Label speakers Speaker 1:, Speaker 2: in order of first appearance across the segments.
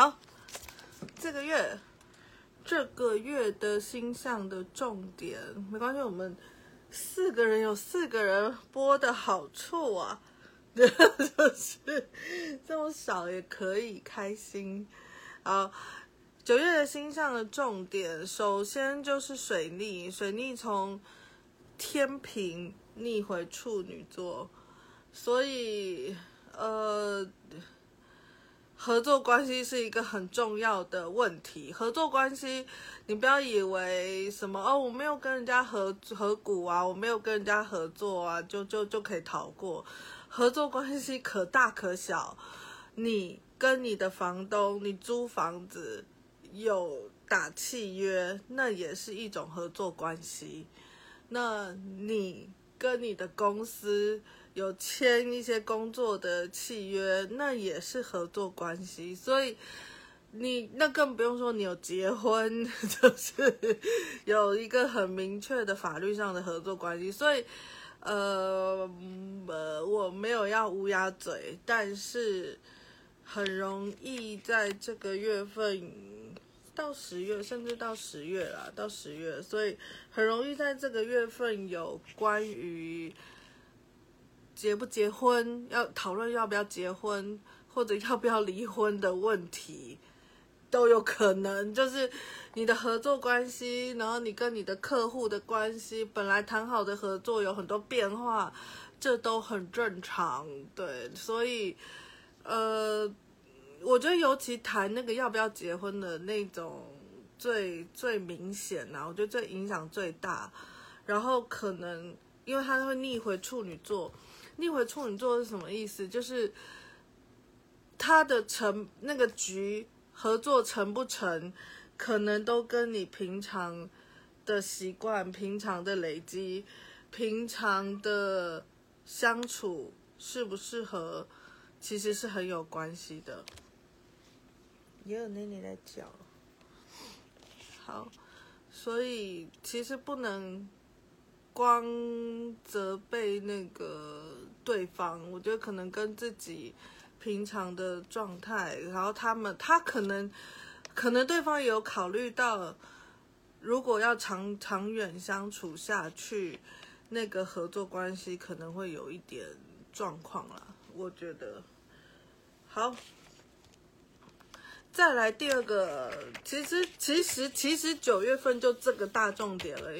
Speaker 1: 好，這個月，這個月的星象的重點，沒關係，我們四個人有四個人播的好處啊，就是這麼少也可以開心。好，九月的星象的重點，首先就是水逆，水逆從天秤逆回處女座，所以，呃。合作關係是一個很重要的問題。合作關係，你不要以為什麼哦，我沒有跟人家合合股啊，我沒有跟人家合作啊，就就就可以逃過。合作關係可大可小，你跟你的房東，你租房子有打契約，那也是一種合作關係。那你跟你的公司。有簽一些工作的契約，那也是合作關係，所以你那更不用說，你有結婚，就是有一個很明確的法律上的合作關係。所以，呃，呃，我沒有要烏鴉嘴，但是很容易在這個月份到十月，甚至到十月啦，到十月，所以很容易在這個月份有關於。結不結婚，要討論要不要結婚或者要不要離婚的問題，都有可能。就是你的合作關係，然後你跟你的客戶的關係，本來談好的合作有很多變化，這都很正常。對，所以呃，我覺得尤其談那個要不要結婚的那種最最明顯啊，我覺得最影響最大。然後可能因為他會逆回處女座。逆回處女座是什麼意思？就是他的成那個局，合作成不成，可能都跟你平常的習慣、平常的累積、平常的相處適不適合，其實是很有關係的。也有 n e 來講，好，所以其實不能。光責備那個對方，我覺得可能跟自己平常的狀態，然後他們他可能，可能對方也有考慮到，如果要長長遠相處下去，那個合作關係可能會有一點狀況啦，我覺得。好，再來第二個其，其實其實其實九月份就這個大重點了。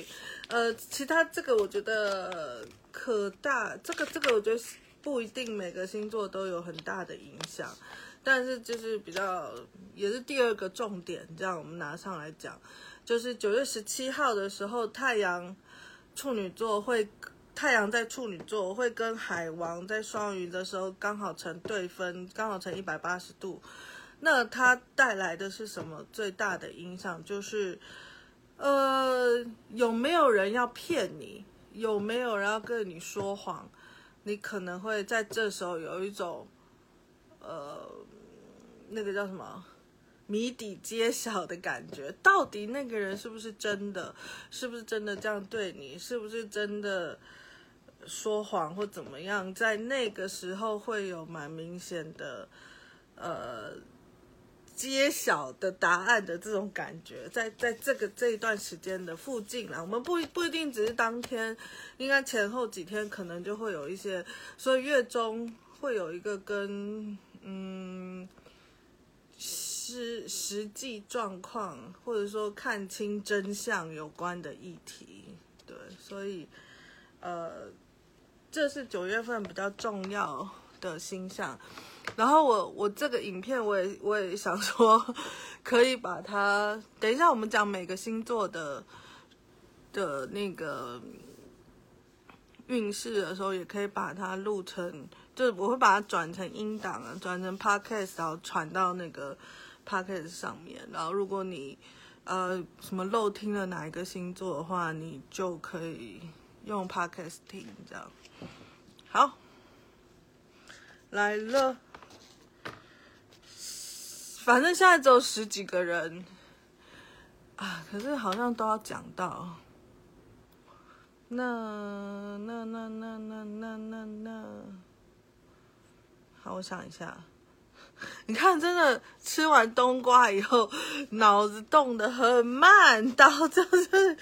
Speaker 1: 呃，其他這個我覺得可大，這個這個我覺得不一定每個星座都有很大的影響，但是就是比較，也是第二個重點，這樣我們拿上來講，就是九月十七號的時候，太陽處女座會，太陽在處女座會跟海王在雙魚的時候剛好成對分，剛好成一百八十度，那它帶來的是什麼最大的影響就是。呃，有沒有人要騙你？有沒有人要跟你說謊？你可能會在這時候有一種，呃，那個叫什麼，謎底揭曉的感覺。到底那個人是不是真的？是不是真的這樣對你？是不是真的說謊或怎麼樣？在那個時候會有蠻明顯的，呃。揭曉的答案的這種感覺，在在這個這一段時間的附近啦，我們不不不一定只是當天，應該前後幾天可能就會有一些，所以月中會有一個跟嗯，實實際狀況或者說看清真相有關的議題，對，所以呃，這是九月份比較重要的星象。然後我我這個影片，我也我也想說，可以把它等一下我們講每個星座的、的那個運勢的時候，也可以把它錄成，就是我會把它轉成音檔啊，轉成 Podcast，然後傳到那個 Podcast 上面。然後如果你呃什麼漏聽了哪一個星座的話，你就可以用 Podcast 聽，這樣。好，來了。反正現在只有十幾個人，啊！可是好像都要講到，那那那那那那那那，好，我想一下，你看，真的吃完冬瓜以後，腦子動得很慢，導致是，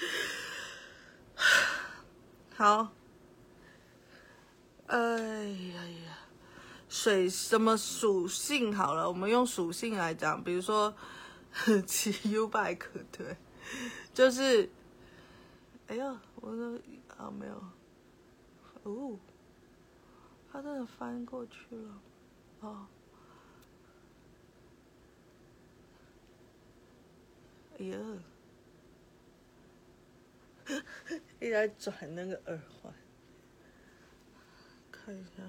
Speaker 1: 好，哎呀呀！水什麼屬性好了？我們用屬性來講，比如說騎 U bike，對，就是哎呀，我的，啊沒有哦，他真的翻過去了哦，哎呀，一直在轉那個耳環，看一下。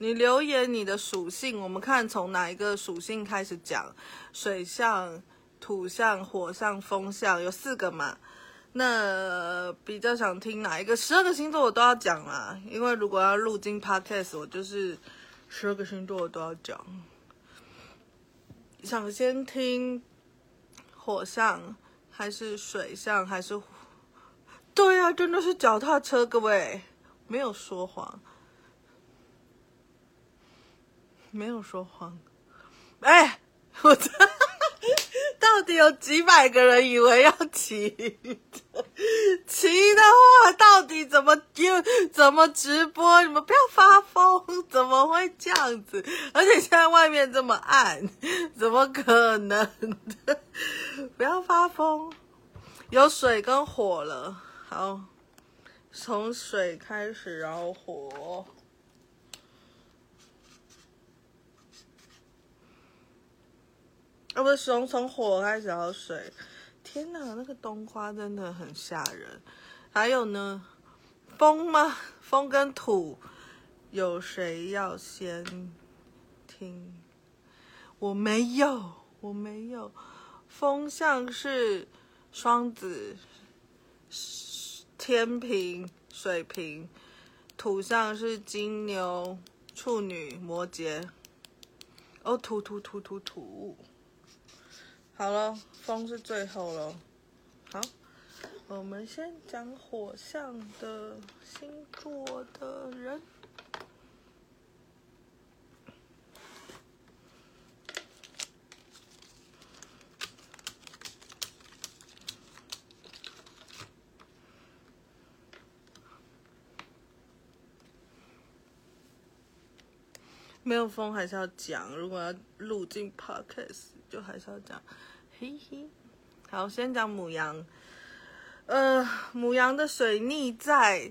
Speaker 1: 你留言你的屬性，我們看從哪一個屬性開始講？水象、土象、火象、風象，有四個嘛？那、呃、比較想聽哪一個？十二個星座我都要講啦，因為如果要錄進 podcast，我就是十二個星座我都要講。想先聽火象還是水象還是？對呀、啊，真的是腳踏車，各位，沒有說謊。沒有說謊，哎，我這，哈哈哈，到底有幾百個人以為要騎，騎的話到底怎麼丟？怎麼直播？你們不要發瘋！怎麼會這樣子？而且現在外面這麼暗，怎麼可能的？不要發瘋！有水跟火了，好，從水開始，然後火。哦，不是熊從火開始到水。天哪，那個冬花真的很嚇人。還有呢，風嗎？風跟土，有誰要先聽？我沒有，我沒有。風象是雙子、天平、水瓶；土象是金牛、處女、摩羯。哦，土土土土土。土土土土好了，風是最後了。好，我們先講火象的星座的人。沒有風還是要講，如果要錄進 podcast 就還是要講，嘿嘿。好，先講牡羊，呃，牡羊的水逆在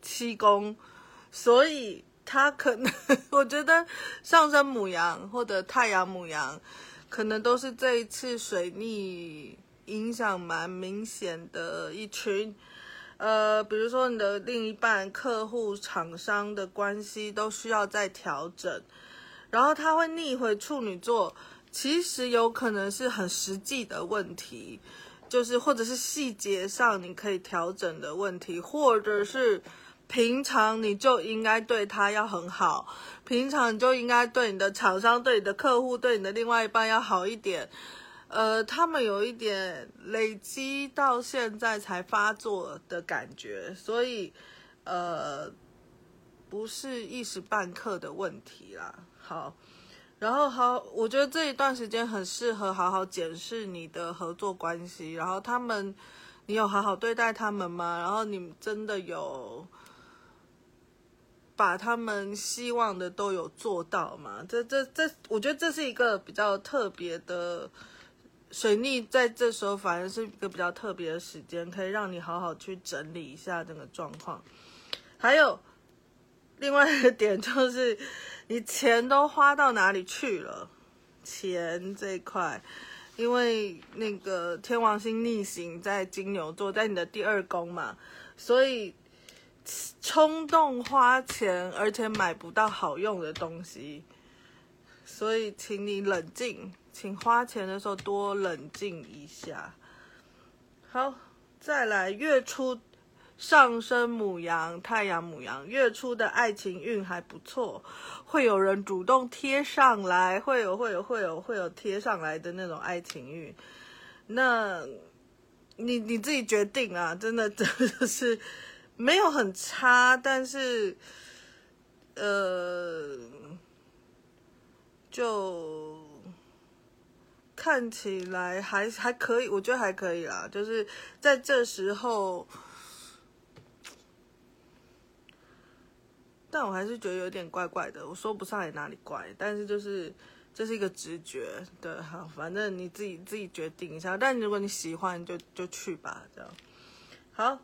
Speaker 1: 七宮，所以它可能我覺得上升牡羊或者太陽牡羊，可能都是這一次水逆影響蠻明顯的一群。呃，比如說你的另一半、客戶、廠商的關係都需要再調整，然後他會逆回處女座，其實有可能是很實際的問題，就是或者是細節上你可以調整的問題，或者是平常你就應該對他要很好，平常你就應該對你的廠商、對你的客戶、對你的另外一半要好一點。呃，他們有一點累積到現在才發作的感覺，所以呃不是一時半刻的問題啦。好，然後好，我覺得這一段時間很適合好好檢視你的合作關係。然後他們，你有好好對待他們嗎？然後你真的有把他們希望的都有做到嗎？這、這、這，我覺得這是一個比較特別的。水逆在這時候反而是一個比較特別的時間，可以讓你好好去整理一下這個狀況。還有另外一個點就是，你錢都花到哪裡去了？錢這一塊，因為那個天王星逆行在金牛座，在你的第二宮嘛，所以衝動花錢，而且買不到好用的東西，所以請你冷靜。請花錢的時候多冷靜一下。好，再來月初上升牡羊，太陽牡羊，月初的愛情運還不錯，會有人主動貼上來，會有會有會有會有貼上來的那種愛情運。那你你自己決定啊，真的真的是沒有很差，但是呃就。看起來還還可以，我覺得還可以啦，就是在這時候，但我還是覺得有點怪怪的，我說不上來哪裡怪，但是就是這是一個直覺，對，好，反正你自己自己決定一下，但如果你喜歡就就去吧，這樣。好，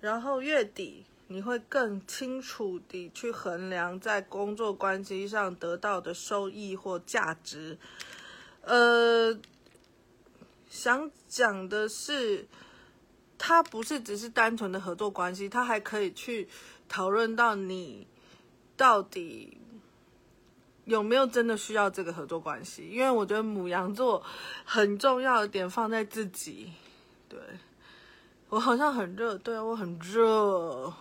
Speaker 1: 然後月底你會更清楚地去衡量在工作關係上得到的收益或價值。呃，想講的是，他不是只是單純的合作關係，他還可以去討論到你到底有沒有真的需要這個合作關係。因為我覺得牡羊座很重要的點放在自己，對，我好像很熱，對，我很熱，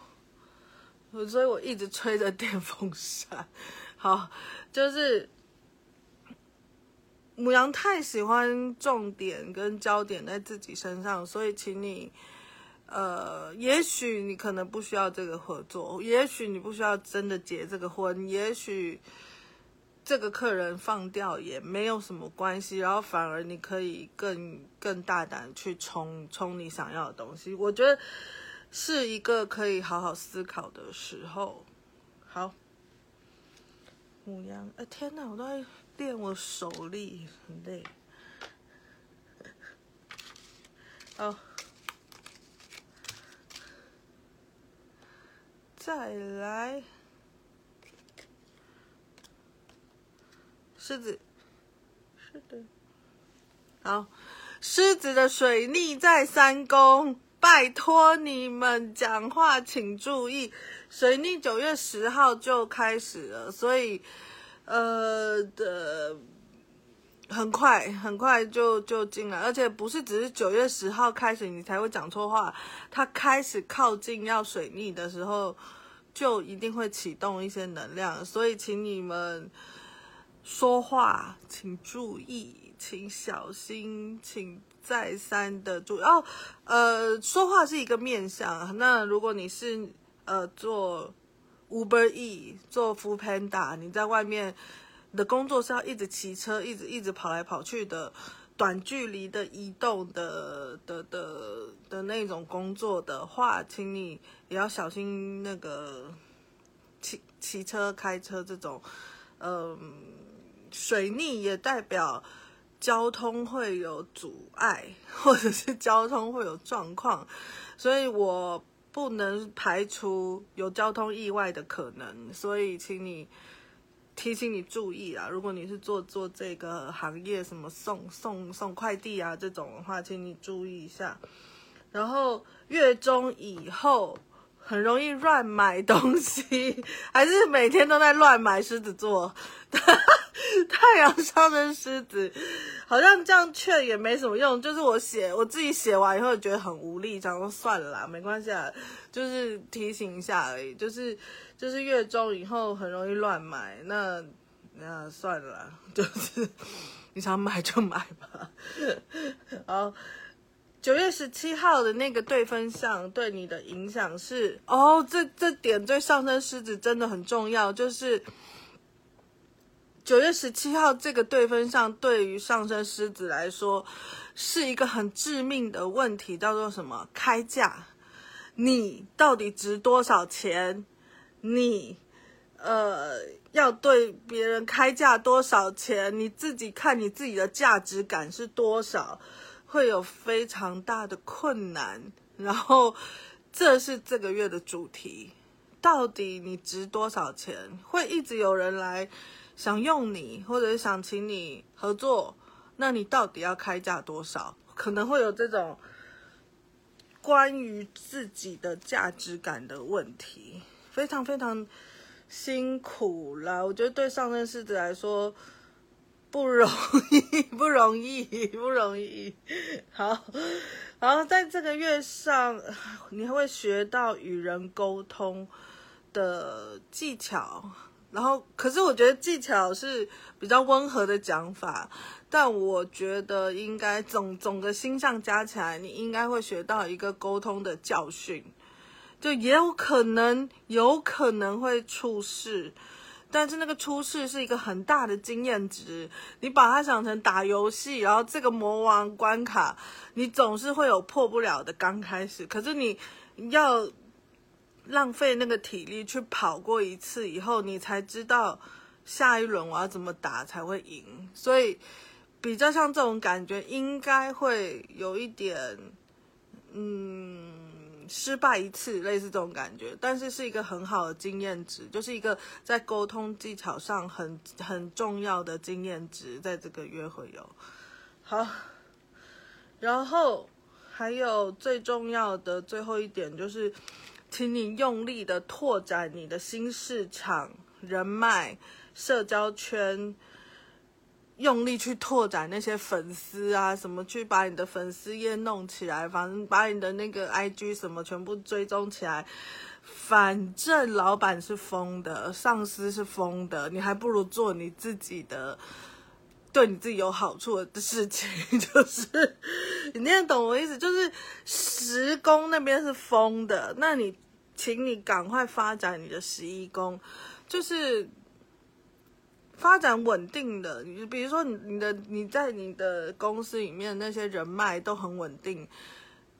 Speaker 1: 所以我一直吹着電風扇。好，就是。母羊太喜歡重點跟焦點在自己身上，所以請你，呃，也許你可能不需要這個合作，也許你不需要真的結這個婚，也許這個客人放掉也沒有什麼關係，然後反而你可以更更大膽去衝衝你想要的東西。我覺得是一個可以好好思考的時候。好，牡羊，哎、欸、天哪，我都在。練我手力很累。好，再來。獅子，是的。好，獅子的水逆在三宮，拜托你們講話，請注意，水逆九月十號就開始了，所以。呃的，很快，很快就就進來，而且不是只是九月十號開始你才會講錯話，它開始靠近要水逆的時候，就一定會啟動一些能量，所以請你們說話，請注意，請小心，請再三的注意，主要哦，呃，說話是一個面向，那如果你是呃做，Uber Eats 做 Food Panda，你在外面的工作是要一直騎車、一直一直跑來跑去的短距離的移動的的的的,的那種工作的話，請你也要小心那個騎騎車、開車這種。嗯，水逆也代表交通會有阻礙，或者是交通會有狀況，所以我。不能排除有交通意外的可能，所以請你提醒你注意啦、啊。如果你是做做這個行業，什麼送送送快遞啊這種的話，請你注意一下。然後月中以後。很容易亂買東西，還是每天都在亂買。獅子座， 太陽上的獅子，好像這樣勸也沒什麼用。就是我寫我自己寫完以後覺得很無力，想說算了啦，沒關係啦，就是提醒一下而已。就是就是月中以後很容易亂買，那那算了啦，就是你想買就買吧，好。九月十七號的那個對分項對你的影響是哦，這這點對上升獅子真的很重要。就是九月十七號這個對分項對於上升獅子來說是一個很致命的問題，叫做什麼？開價，你到底值多少錢？你呃要對別人開價多少錢？你自己看你自己的價值感是多少？會有非常大的困難，然後這是這個月的主題。到底你值多少錢？會一直有人來想用你，或者是想請你合作，那你到底要開價多少？可能會有這種關於自己的價值感的問題。非常非常辛苦啦，我覺得對上升獅子來說。不容易，不容易，不容易。好，好，然後在這個月上，你還會學到與人溝通的技巧。然後，可是我覺得技巧是比較溫和的講法，但我覺得應該總總的星象加起來，你應該會學到一個溝通的教訓。就也有可能，有可能會出事。但是那個出世是一個很大的經驗值，你把它想成打遊戲，然後這個魔王關卡，你總是會有破不了的。剛開始，可是你要浪費那個體力去跑過一次以後，你才知道下一輪我要怎麼打才會贏。所以比較像這種感覺，應該會有一點，嗯。失敗一次，類似這種感覺，但是是一個很好的經驗值，就是一個在溝通技巧上很很重要的經驗值，在這個約會有。好，然後還有最重要的最後一點就是，請你用力的拓展你的新市場、人脈、社交圈。用力去拓展那些粉絲啊，什麼去把你的粉絲頁弄起來。反正把你的那個 IG 什麼全部追蹤起來，反正老闆是瘋的，上司是瘋的，你還不如做你自己的，對你自己有好處的事情。就是你念懂我的意思？就是十宮那邊是瘋的，那你，請你趕快發展你的十一宮，就是。發展穩定的，你比如說你你的你在你的公司裡面那些人脈都很穩定，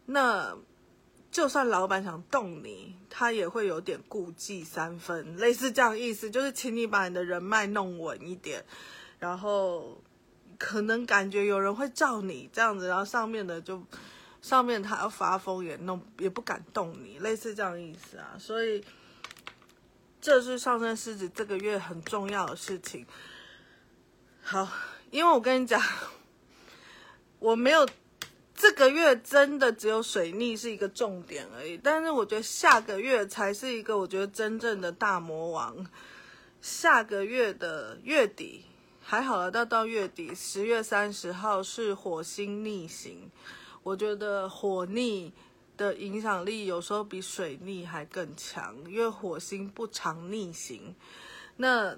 Speaker 1: 那就算老板想動你，他也會有點顧忌三分，類似這樣意思，就是請你把你的人脈弄穩一點，然後可能感覺有人會照你這樣子，然後上面的就上面他要發瘋也弄也不敢動你，類似這樣意思啊，所以。這是上升獅子這個月很重要的事情。好，因為我跟你講，我沒有，這個月真的只有水逆是一個重點而已。但是我覺得下個月才是一個我覺得真正的大魔王。下個月的月底還好了，到到月底，十月三十號是火星逆行，我覺得火逆，的影響力有時候比水逆還更強，因為火星不常逆行。那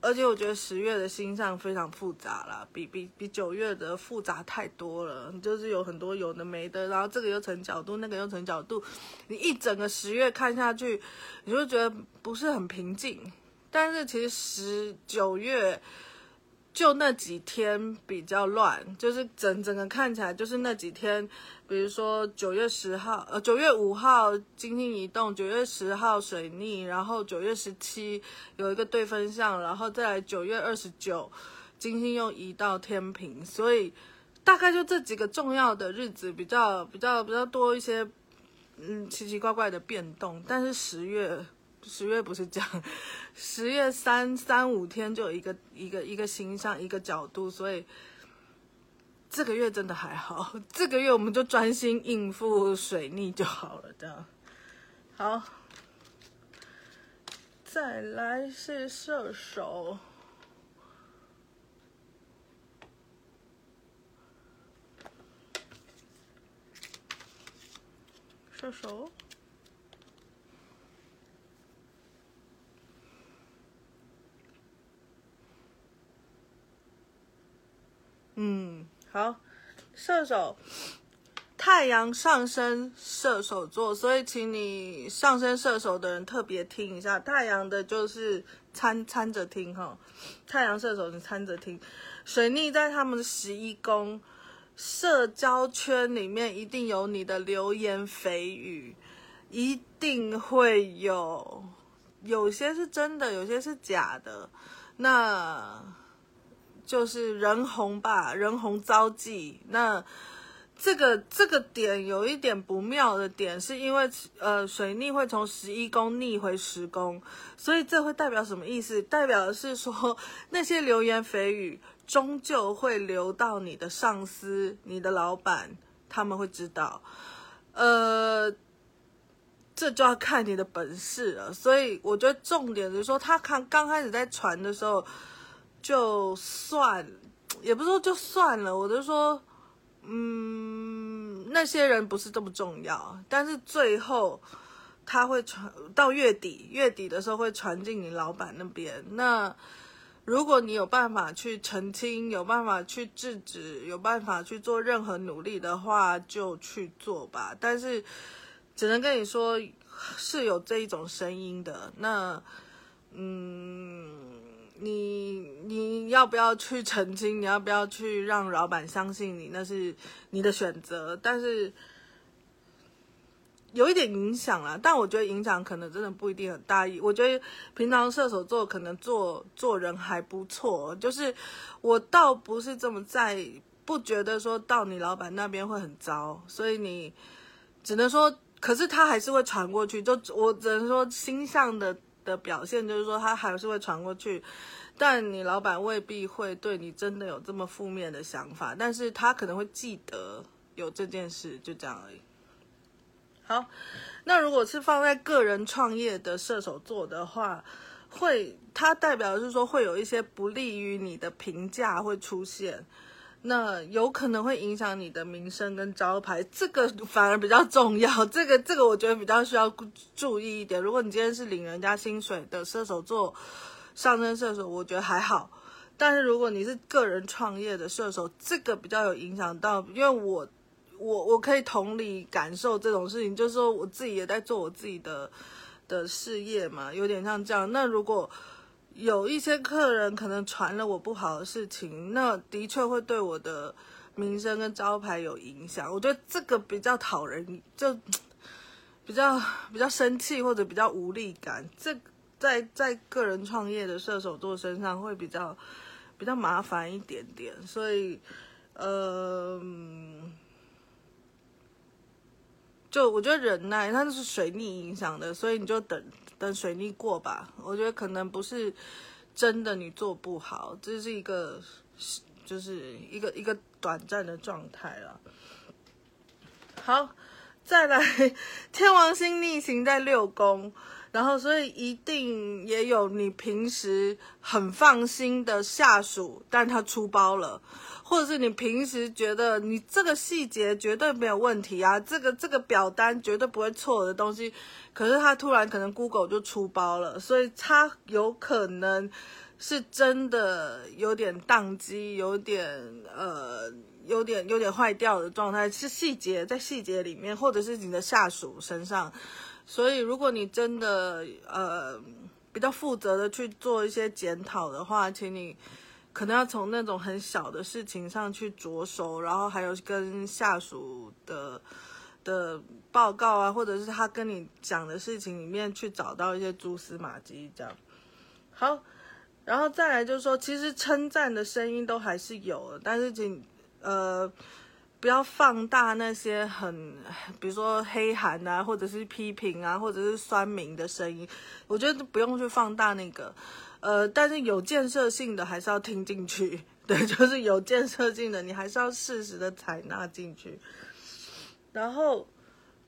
Speaker 1: 而且我覺得十月的星象非常複雜啦，比比比九月的複雜太多了，就是有很多有的沒的，然後這個又成角度，那個又成角度，你一整個十月看下去，你就會覺得不是很平靜。但是其實十九月。就那幾天比較亂，就是整整個看起來就是那幾天，比如說九月十號，呃，九月五號金星移動，九月十號水逆，然後九月十七有一個對分相，然後再來九月二十九金星又移到天秤，所以大概就這幾個重要的日子比較比較比較多一些，嗯，奇奇怪怪的變動，但是十月。十月不是這樣，十月三三五天就有一個一個一個形象一個角度，所以這個月真的還好，這個月我們就專心應付水逆就好了。這樣好，再來是射手，射手。嗯，好，射手，太陽上升射手座，所以請你上升射手的人特別聽一下，太陽的就是摻摻着聽哈、哦，太陽射手你摻着聽，水逆在他們十一宮社交圈裡面一定有你的流言蜚語，一定會有，有些是真的，有些是假的，那。就是人紅吧，人紅招忌。那這個這個點有一點不妙的點，是因為呃水逆會從十一宮逆回十宮，所以這會代表什麼意思？代表的是說，那些流言蜚語終究會流到你的上司、你的老闆，他們會知道。呃，這就要看你的本事了。所以我覺得重點就是說，他看剛，剛開始在傳的時候。就算，也不是說就算了，我就說，嗯，那些人不是這麼重要。但是最後，他會傳，到月底，月底的時候會傳進你老板那邊。那如果你有辦法去澄清，有辦法去制止，有辦法去做任何努力的話，就去做吧。但是只能跟你說，是有這一種聲音的。那，嗯。你你要不要去澄清？你要不要去讓老闆相信你？那是你的選擇，但是有一點影響啦，但我覺得影響可能真的不一定很大意。一，我覺得平常射手座可能做做人還不錯，就是我倒不是這麼在意，不覺得說到你老闆那邊會很糟。所以你只能說，可是他還是會傳過去。就我只能說，星象的。的表現就是說，他還是會傳過去，但你老板未必會對你真的有這麼負面的想法，但是他可能會記得有這件事，就這樣而已。好，那如果是放在個人創業的射手座的話，會它代表是說會有一些不利於你的評價會出現。那有可能會影響你的名聲跟招牌，這個反而比較重要。這個，這個我覺得比較需要注意一點。如果你今天是領人家薪水的射手座，上升射手，我覺得還好。但是如果你是個人創業的射手，這個比較有影響到。因為，我，我，我可以同理感受這種事情，就是說我自己也在做我自己的的事業嘛，有點像這樣。那如果。有一些客人可能傳了我不好的事情，那的確會對我的名聲跟招牌有影響。我覺得這個比較討人就比較比較生氣或者比較無力感。這個、在在個人創業的射手座身上會比較比較麻煩一點點。所以，呃，就我覺得忍耐，它就是水逆影響的，所以你就等。等水逆過吧，我覺得可能不是真的你做不好，這是一個就是一個一個短暫的狀態了。好，再來，天王星逆行在六宮，然後所以一定也有你平時很放心的下屬，但他出包了。或者是你平時覺得你這個細節絕對沒有問題啊，這個這個表單絕對不會錯的東西，可是他突然可能 Google 就出包了，所以他有可能是真的有點宕機，有點呃，有點有點壞掉的狀態，是細節在細節裡面，或者是你的下屬身上。所以如果你真的呃比較負責的去做一些檢討的話，請你。可能要從那種很小的事情上去着手，然後還有跟下屬的的報告啊，或者是他跟你講的事情裡面去找到一些蛛絲馬跡，這樣好。然後再來就是說，其實稱讚的聲音都還是有，但是請呃不要放大那些很，比如說黑韓啊，或者是批評啊，或者是酸民的聲音，我覺得不用去放大那個。呃，但是有建設性的還是要聽進去，對，就是有建設性的，你還是要適時的採納進去。然後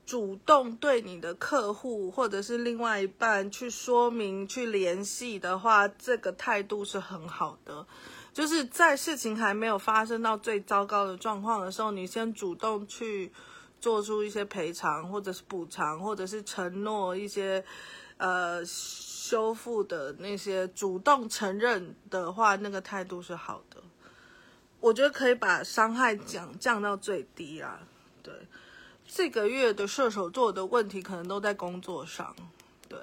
Speaker 1: 主動對你的客戶或者是另外一半去說明、去聯繫的話，這個態度是很好的。就是在事情還沒有發生到最糟糕的狀況的時候，你先主動去做出一些賠償，或者是補償，或者是承諾一些，呃。修復的那些主動承認的話，那個態度是好的，我覺得可以把傷害降降到最低啊。對，這個月的射手座的問題可能都在工作上。對，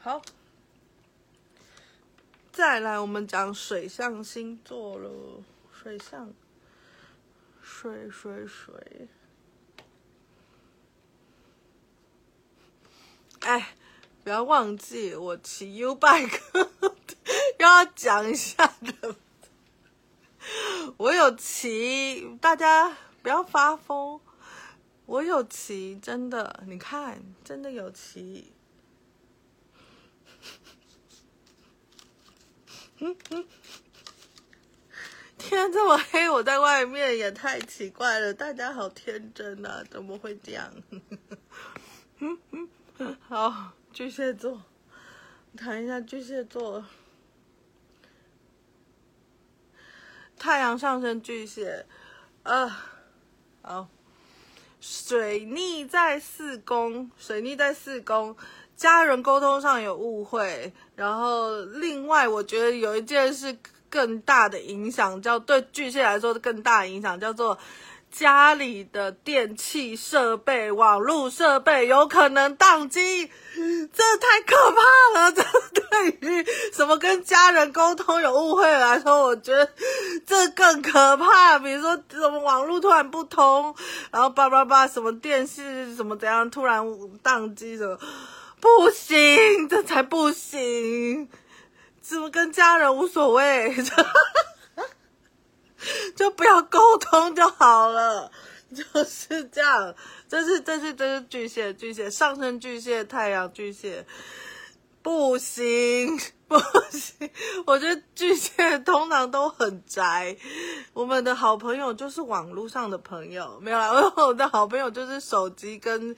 Speaker 1: 好，再來我們講水象星座了，水象，水水水，水，哎、欸。不要忘記我騎 U bike，要講一下的。我有騎，大家不要發瘋。我有騎，真的，你看，真的有騎。嗯嗯，天這麼黑，我在外面也太奇怪了。大家好天真啊，怎麼會這樣？嗯嗯，好。巨蟹座，談一下巨蟹座。太陽上升巨蟹，呃，好，水逆在四宮，水逆在四宮，家人溝通上有誤會。然後，另外我覺得有一件事更大的影響，叫對巨蟹來說的更大的影響，叫做。家裡的電器設備、網絡設備有可能宕機，這太可怕了！這對於什麼跟家人溝通有誤會來說，我覺得這更可怕。比如說什麼網絡突然不通，然後叭叭叭，什麼電視什麼怎樣突然宕機什麼，不行，這才不行！怎麼跟家人無所謂。這 就不要溝通就好了，就是這樣。這是這是這是巨蟹，巨蟹上升巨蟹，太陽巨蟹，不行不行。我覺得巨蟹通常都很宅。我們的好朋友就是網絡上的朋友，沒有啦。我的好朋友就是手機跟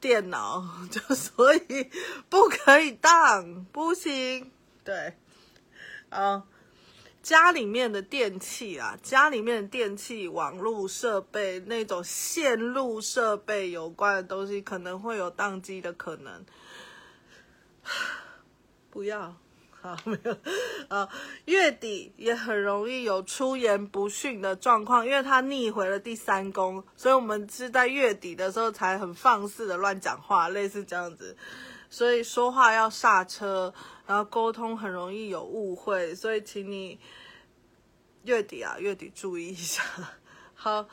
Speaker 1: 電腦，就所以不可以當，不行。對，啊。家裡面的電器啊，家裡面的電器、網絡設備那種線路設備有關的東西，可能會有宕機的可能。不要，好，沒有，好，月底也很容易有出言不遜的狀況，因為他逆回了第三宮，所以我們是在月底的時候才很放肆的亂講話，類似這樣子，所以說話要剎車。然後溝通很容易有誤會，所以請你月底啊，月底注意一下。好，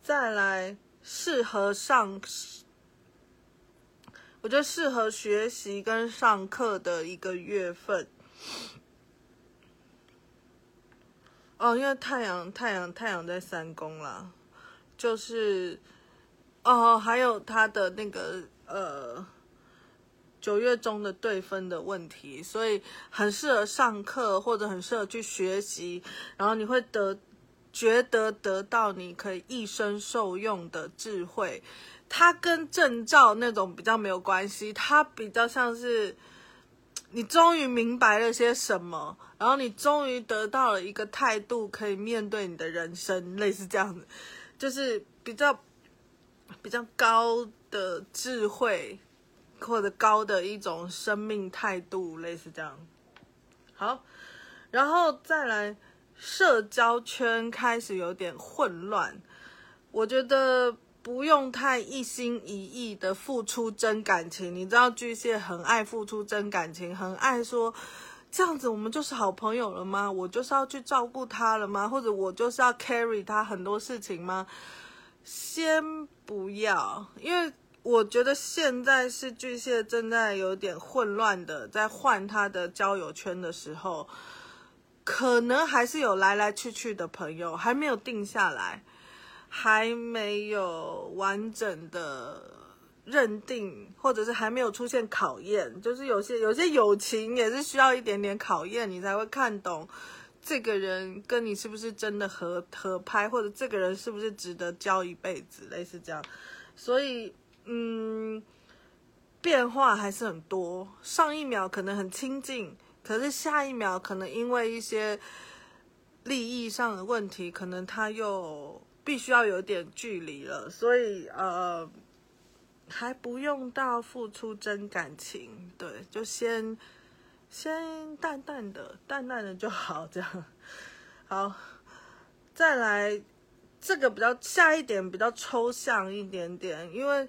Speaker 1: 再來，適合上，我覺得適合學習跟上課的一個月份。哦，因為太陽太陽太陽在三宮啦，就是哦，還有他的那個呃。九月中的對分的問題，所以很適合上課或者很適合去學習。然後你會得覺得得到你可以一生受用的智慧，它跟證照那種比較沒有關係，它比較像是你終於明白了些什麼，然後你終於得到了一個態度可以面對你的人生，類似這樣子，就是比較比較高的智慧。或者高的一種生命態度，類似這樣。好，然後再來，社交圈開始有點混亂。我覺得不用太一心一意的付出真感情。你知道巨蟹很愛付出真感情，很愛說這樣子我們就是好朋友了嗎？我就是要去照顧他了嗎？或者我就是要 carry 他很多事情嗎？先不要，因為。我覺得現在是巨蟹正在有點混亂的，在換他的交友圈的時候，可能還是有來來去去的朋友，還沒有定下來，還沒有完整的認定，或者是還沒有出現考驗，就是有些有些友情也是需要一點點考驗，你才會看懂這個人跟你是不是真的合合拍，或者這個人是不是值得交一輩子，類似這樣，所以。嗯，變化還是很多。上一秒可能很親近，可是下一秒可能因為一些利益上的問題，可能他又必須要有點距離了。所以呃，還不用到付出真感情，對，就先先淡淡的、淡淡的就好，這樣。好，再來。這個比較下一點，比較抽象一點點，因為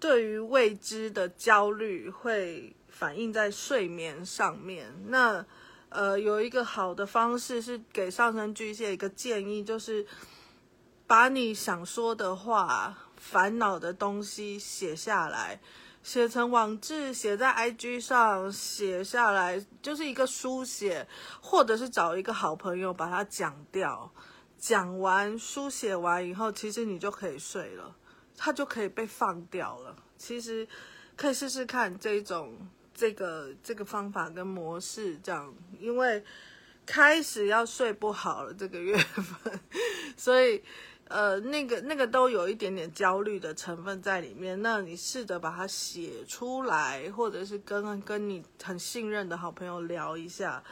Speaker 1: 對於未知的焦慮會反映在睡眠上面。那呃，有一個好的方式是給上升巨蟹一個建議，就是把你想說的話、煩惱的東西寫下來，寫成網誌，寫在 IG 上，寫下來就是一個書寫，或者是找一個好朋友把它講掉。講完、書寫完以後，其實你就可以睡了，它就可以被放掉了。其實可以試試看這種、這個、這個方法跟模式，這樣，因為開始要睡不好了這個月份，所以呃，那個、那個都有一點點焦慮的成分在裡面。那你試着把它寫出來，或者是跟跟你很信任的好朋友聊一下。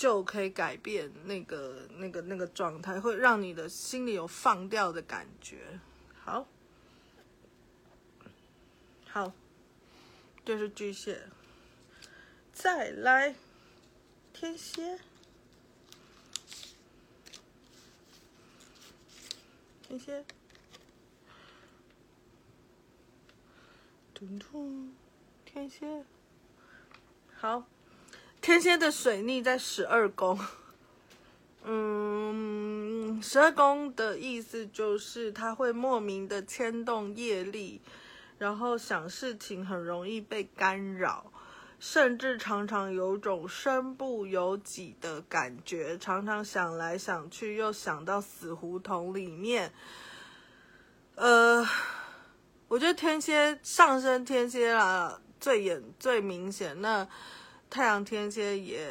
Speaker 1: 就可以改變那個、那個、那個狀態，會讓你的心裡有放掉的感覺。好，好，這是巨蟹，再來天蠍，天蠍，天蠍，天蠍，好。天蠍的水逆在十二宮，嗯，十二宮的意思就是他會莫名的牽動業力，然後想事情很容易被干擾，甚至常常有種身不由己的感覺，常常想來想去又想到死胡同裡面。呃，我覺得天蠍上升天蠍啦最眼最明顯那。太陽天蠍也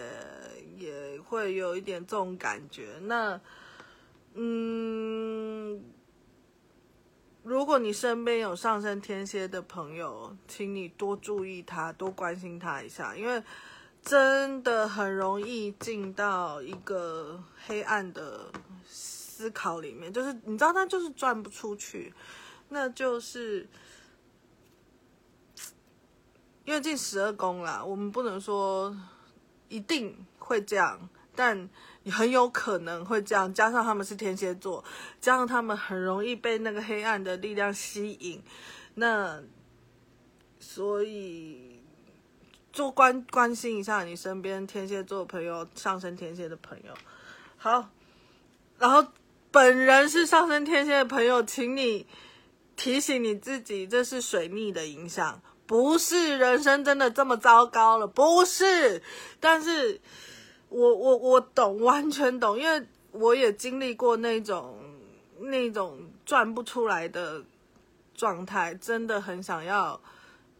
Speaker 1: 也會有一點這種感覺。那，嗯，如果你身邊有上升天蠍的朋友，請你多注意他，多關心他一下，因為真的很容易進到一個黑暗的思考裡面，就是你知道，他就是轉不出去，那就是。因為進十二宮啦，我們不能說一定會這樣，但也很有可能會這樣。加上他們是天蠍座，加上他們很容易被那個黑暗的力量吸引，那所以做關關心一下你身邊天蠍座的朋友、上升天蠍的朋友。好，然後本人是上升天蠍的朋友，請你提醒你自己，這是水逆的影響。不是人生真的這麼糟糕了，不是。但是我，我我我懂，完全懂，因為我也經歷過那種那種轉不出來的狀態，真的很想要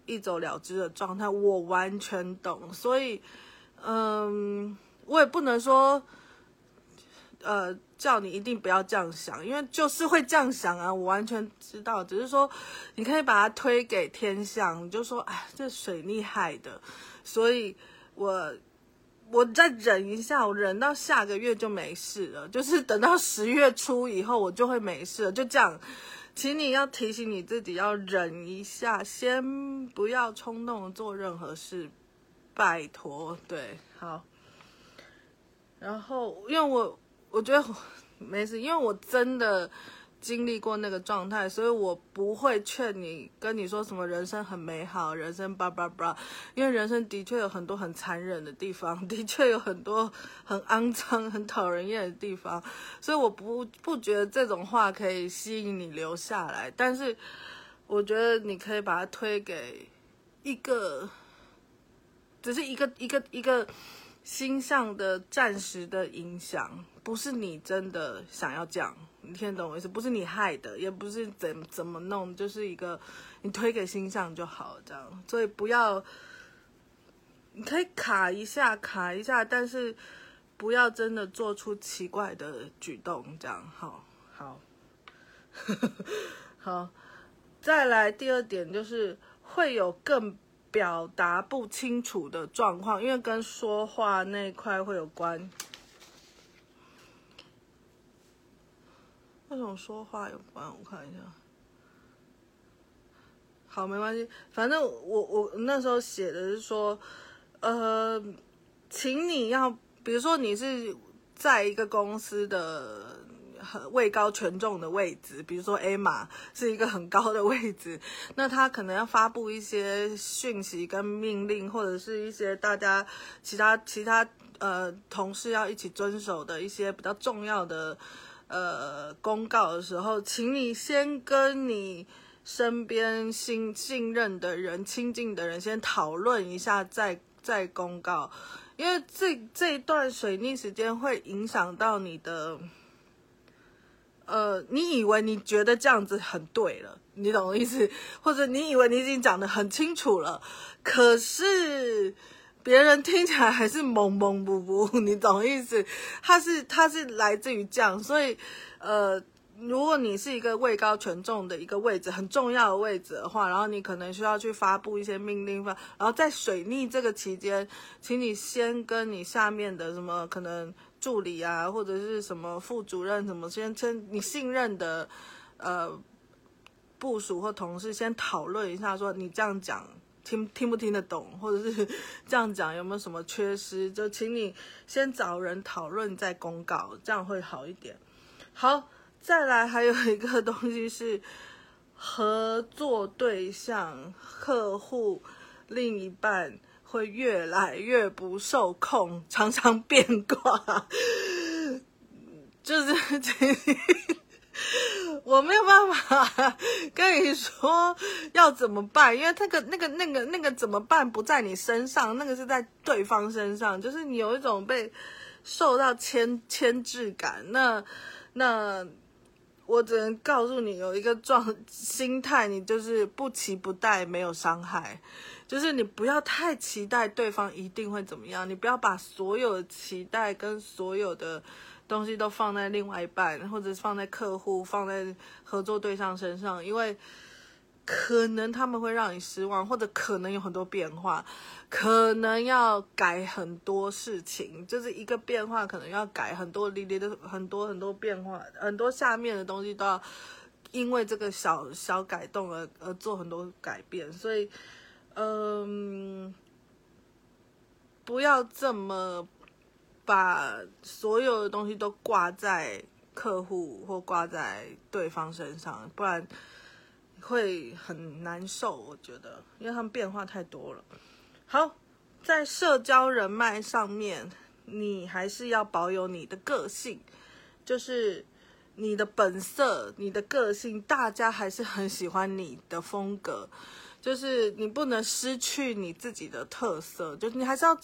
Speaker 1: 一走了之的狀態，我完全懂。所以，嗯，我也不能說，呃。叫你一定不要這樣想，因為就是會這樣想啊，我完全知道。只是說，你可以把它推給天象，你就說，哎，這水逆害的，所以我我再忍一下，我忍到下個月就沒事了。就是等到十月初以後，我就會沒事了，就這樣，請你要提醒你自己，要忍一下，先不要衝動做任何事，拜托。對，好。然後，因為我。我覺得沒事，因為我真的經歷過那個狀態，所以我不會勸你跟你說什麼人生很美好，人生叭叭叭。因為人生的確有很多很殘忍的地方，的確有很多很骯髒、很討人厭的地方，所以我不不覺得這種話可以吸引你留下來。但是，我覺得你可以把它推給一個，只是一個一個一個。一個星象的暫時的影響，不是你真的想要講，你聽得懂我意思？不是你害的，也不是怎怎麼弄，就是一個你推給星象就好這樣。所以不要，你可以卡一下，卡一下，但是不要真的做出奇怪的舉動，這樣。好，好， 好，再來第二點就是會有更。表達不清楚的狀況，因為跟說話那塊會有關。為什麼說話有關？我看一下。好，沒關係，反正我我，我那時候寫的是說，呃，請你要，比如說你是在一個公司的。很位高權重的位置，比如說 A 碼是一個很高的位置，那他可能要發佈一些訊息跟命令，或者是一些大家其他其他呃同事要一起遵守的一些比較重要的呃公告的時候，請你先跟你身邊信信任的人、親近的人先討論一下，再再公告，因為這這一段水逆時間會影響到你的。呃，你以為你覺得這樣子很對了，你懂意思？或者你以為你已經講得很清楚了，可是別人聽起來還是懵懵不不，你懂意思？它是它是來自於這樣，所以呃，如果你是一個位高權重的一個位置，很重要的位置的話，然後你可能需要去發布一些命令方，然後在水逆這個期間，請你先跟你下面的什麼可能。助理啊，或者是什麼副主任，什麼先稱你信任的，呃，部屬或同事先討論一下，說你這樣講聽聽不聽得懂，或者是這樣講有沒有什麼缺失，就請你先找人討論再公告，這樣會好一點。好，再來還有一個東西是合作對象、客戶、另一半。會越來越不受控，常常變卦，就是我沒有辦法跟你說要怎麼辦，因為那個那個那個那個怎麼辦不在你身上，那個是在對方身上，就是你有一種被受到牽牽制感。那那我只能告訴你有一個狀心態，你就是不期不待，沒有傷害。就是你不要太期待對方一定會怎麼樣，你不要把所有的期待跟所有的東西都放在另外一半，或者放在客戶、放在合作對象身上，因為可能他們會讓你失望，或者可能有很多變化，可能要改很多事情，就是一個變化，可能要改很多裡裡的很多很多變化，很多下面的東西都要因為這個小小改動而而做很多改變，所以。嗯、um,，不要這麼把所有的東西都掛在客戶或掛在對方身上，不然會很難受。我覺得，因為他們變化太多了。好，在社交人脈上面，你還是要保有你的個性，就是你的本色、你的個性，大家還是很喜歡你的風格。就是你不能失去你自己的特色，就是你還是要，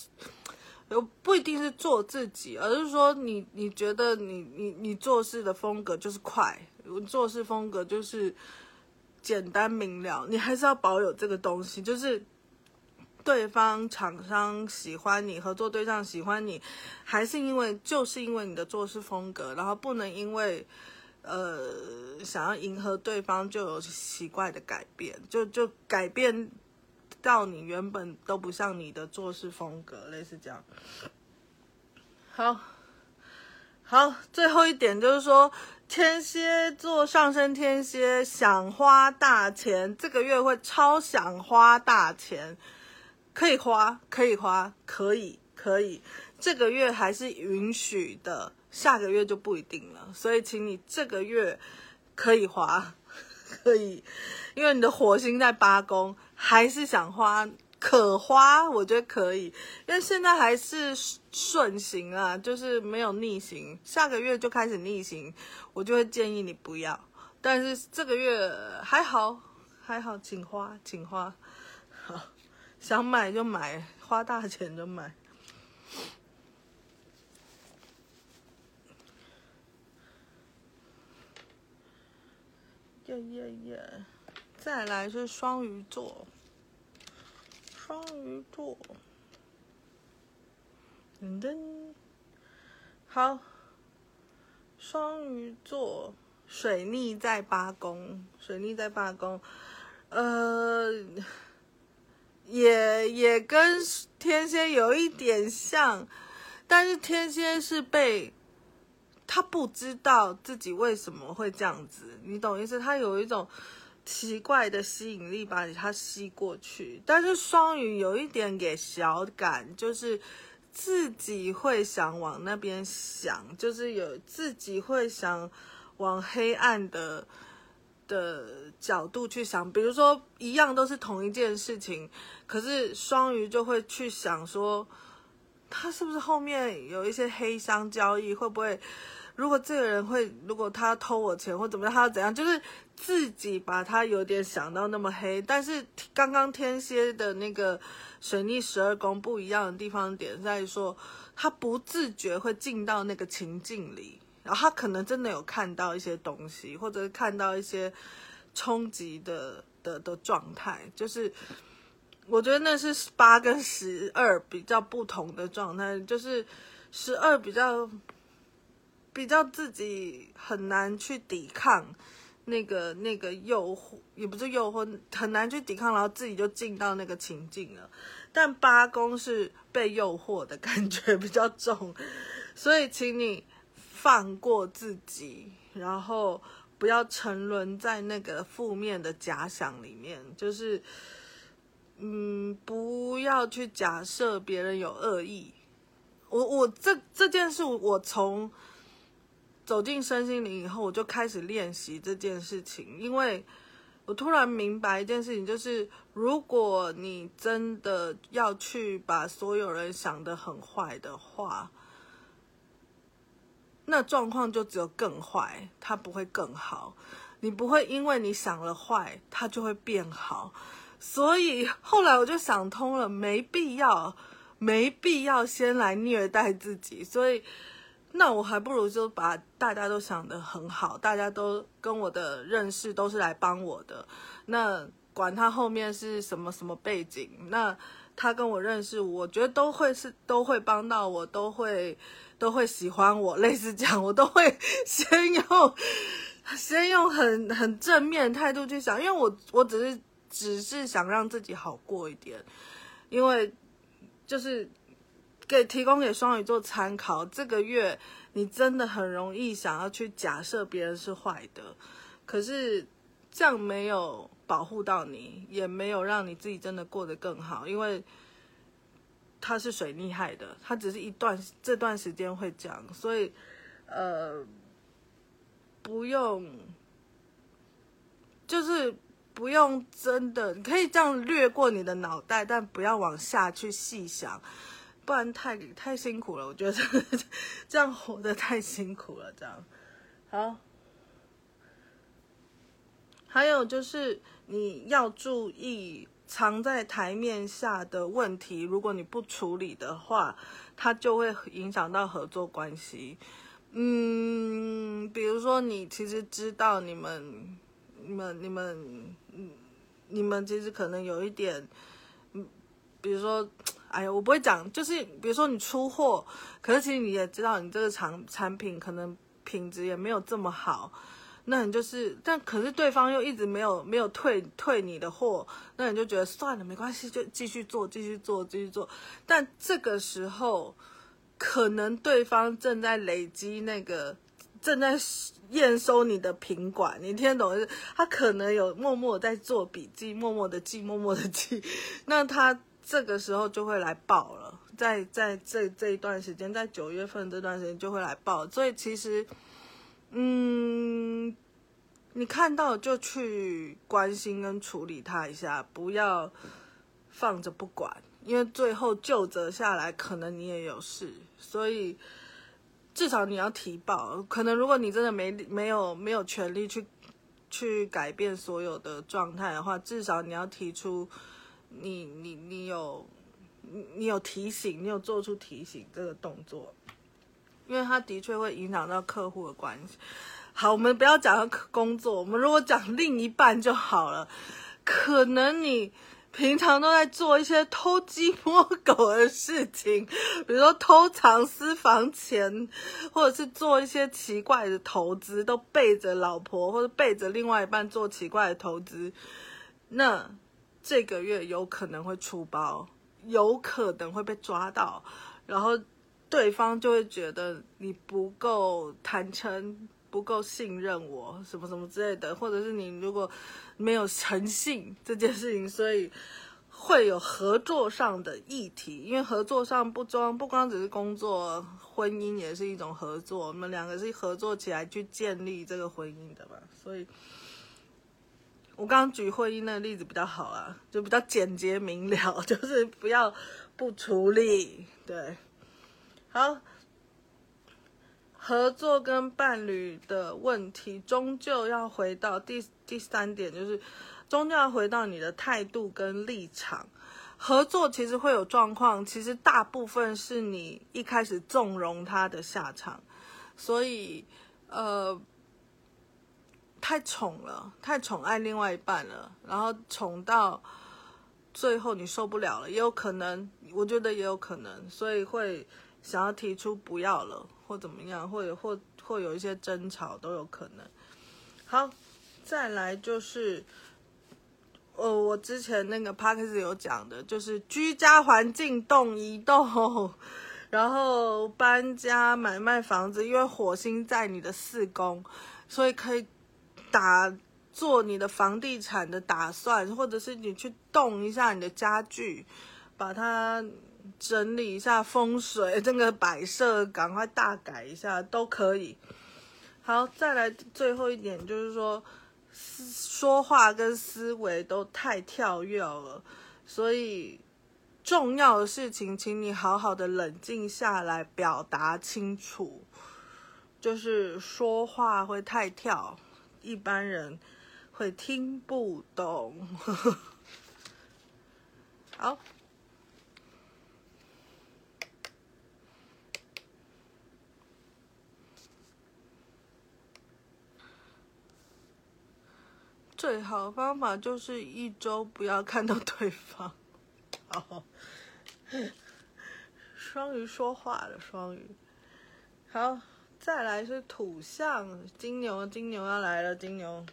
Speaker 1: 不不一定是做自己，而是說你你覺得你你你做事的風格就是快，做事風格就是簡單明了，你還是要保有這個東西，就是對方廠商喜歡你，合作對象喜歡你，還是因為就是因為你的做事風格，然後不能因為。呃，想要迎合對方，就有奇怪的改變，就就改變到你原本都不像你的做事風格，類似這樣。好，好，最後一點就是說，天蠍座上升天蠍想花大錢，這個月會超想花大錢，可以花，可以花，可以，可以，這個月還是允許的。下個月就不一定了，所以請你這個月可以花，可以，因為你的火星在八宮，還是想花，可花，我覺得可以，因為現在還是順行啊，就是沒有逆行，下個月就開始逆行，我就會建議你不要。但是這個月還好，還好，請花，請花，好，想買就買，花大錢就買。耶耶耶！再來是雙魚座，雙魚座，嗯、好，雙魚座水逆在八宮，水逆在八宮，呃，也也跟天蠍有一點像，但是天蠍是被。他不知道自己為什麼會這樣子，你懂意思？他有一種奇怪的吸引力，把他吸過去。但是雙魚有一點點小感，就是自己會想往那邊想，就是有自己會想往黑暗的的角度去想。比如說，一樣都是同一件事情，可是雙魚就會去想說，他是不是後面有一些黑箱交易，會不會？如果這個人會，如果他偷我錢或怎麼樣，他要怎樣？就是自己把他有點想到那麼黑。但是剛剛天蠍的那個水逆十二宮不一樣的地方點，在於說他不自覺會進到那個情境裡，然後他可能真的有看到一些東西，或者看到一些衝擊的的的狀態。就是我覺得那是八跟十二比較不同的狀態，就是十二比較。比較自己很難去抵抗那個那個誘惑，也不是誘惑，很難去抵抗，然後自己就進到那個情境了。但八宮是被誘惑的感覺比較重，所以請你放過自己，然後不要沉淪在那個負面的假想裡面，就是嗯，不要去假設別人有惡意。我我這這件事我從。走進身心靈以後，我就開始練習這件事情，因為我突然明白一件事情，就是如果你真的要去把所有人想得很壞的話，那狀況就只有更壞，它不會更好，你不會因為你想了壞，它就會變好。所以後來我就想通了，沒必要，沒必要先來虐待自己，所以，那我還不如就把大家都想得很好，大家都跟我的認識都是來幫我的，那管他後面是什麼什麼背景，那他跟我認識，我覺得都會是都會幫到我，都會都會喜歡我，類似這樣，我都會先用先用很很正面態度去想，因為我我只是只是想讓自己好過一點，因為就是。給提供給雙魚座參考，這個月你真的很容易想要去假設別人是壞的，可是這樣沒有保護到你，也沒有讓你自己真的過得更好，因為他是水逆害的，他只是一段，這段時間會這樣，所以呃不用，就是不用真的，你可以這樣略過你的腦袋，但不要往下去細想。不然太太辛苦了，我覺得這樣活得太辛苦了。這樣，好。還有就是你要注意藏在台面下的問題，如果你不處理的話，它就會影響到合作關係。嗯，比如說你其實知道你們、你們、你們、你們其實可能有一點，比如說。哎呀，我不會講，就是比如說你出貨，可是其實你也知道，你這個產產品可能品質也沒有這麼好，那你就是，但可是對方又一直沒有沒有退退你的貨，那你就覺得算了，沒關係，就繼續做，繼續做，繼續做。但這個時候，可能對方正在累積那個正在驗收你的品管，你聽得懂，就是他可能有默默在做筆記，默默的記，默默的記，那他。這個時候就會來報了，在在這這一段時間，在九月份這段時間就會來報了，所以其實，嗯，你看到就去關心跟處理他一下，不要放着不管，因為最後究責下來，可能你也有事，所以至少你要提報。可能如果你真的沒沒有沒有權力去去改變所有的狀態的話，至少你要提出。你你你有你有提醒，你有做出提醒這個動作，因為他的確會影響到客戶的關係。好，我們不要講到工作，我們如果講另一半就好了。可能你平常都在做一些偷雞摸狗的事情，比如說偷藏私房錢，或者是做一些奇怪的投資，都背着老婆或者背着另外一半做奇怪的投資，那。這個月有可能會出包，有可能會被抓到，然後對方就會覺得你不夠坦誠，不夠信任我，什麼什麼之類的，或者是你如果沒有誠信這件事情，所以會有合作上的議題。因為合作上不裝，不光只是工作，婚姻也是一種合作，我們兩個是合作起來去建立這個婚姻的嘛，所以。我剛剛舉會議那個例子比較好啊，就比較簡潔明了，就是不要不處理。對，好，合作跟伴侶的問題，終究要回到第第三點，就是終究要回到你的態度跟立場。合作其實會有狀況，其實大部分是你一開始縱容他的下場，所以呃。太寵了，太寵愛另外一半了，然後寵到最後你受不了了，也有可能，我覺得也有可能，所以會想要提出不要了，或怎麼樣，或者或或有一些爭吵都有可能。好，再來就是，呃、哦，我之前那個 podcast 有講的，就是居家環境動一動，然後搬家買賣房子，因為火星在你的四宮，所以可以。打做你的房地產的打算，或者是你去動一下你的家具，把它整理一下風水，整個擺設趕快大改一下都可以。好，再來最後一點就是說，說話跟思維都太跳躍了，所以重要的事情請你好好的冷靜下來，表達清楚，就是說話會太跳。一般人會聽不懂。好，最好的方法就是一週不要看到對方。雙魚說話了，雙魚，好。再來是土象金牛，金牛要來了，金牛。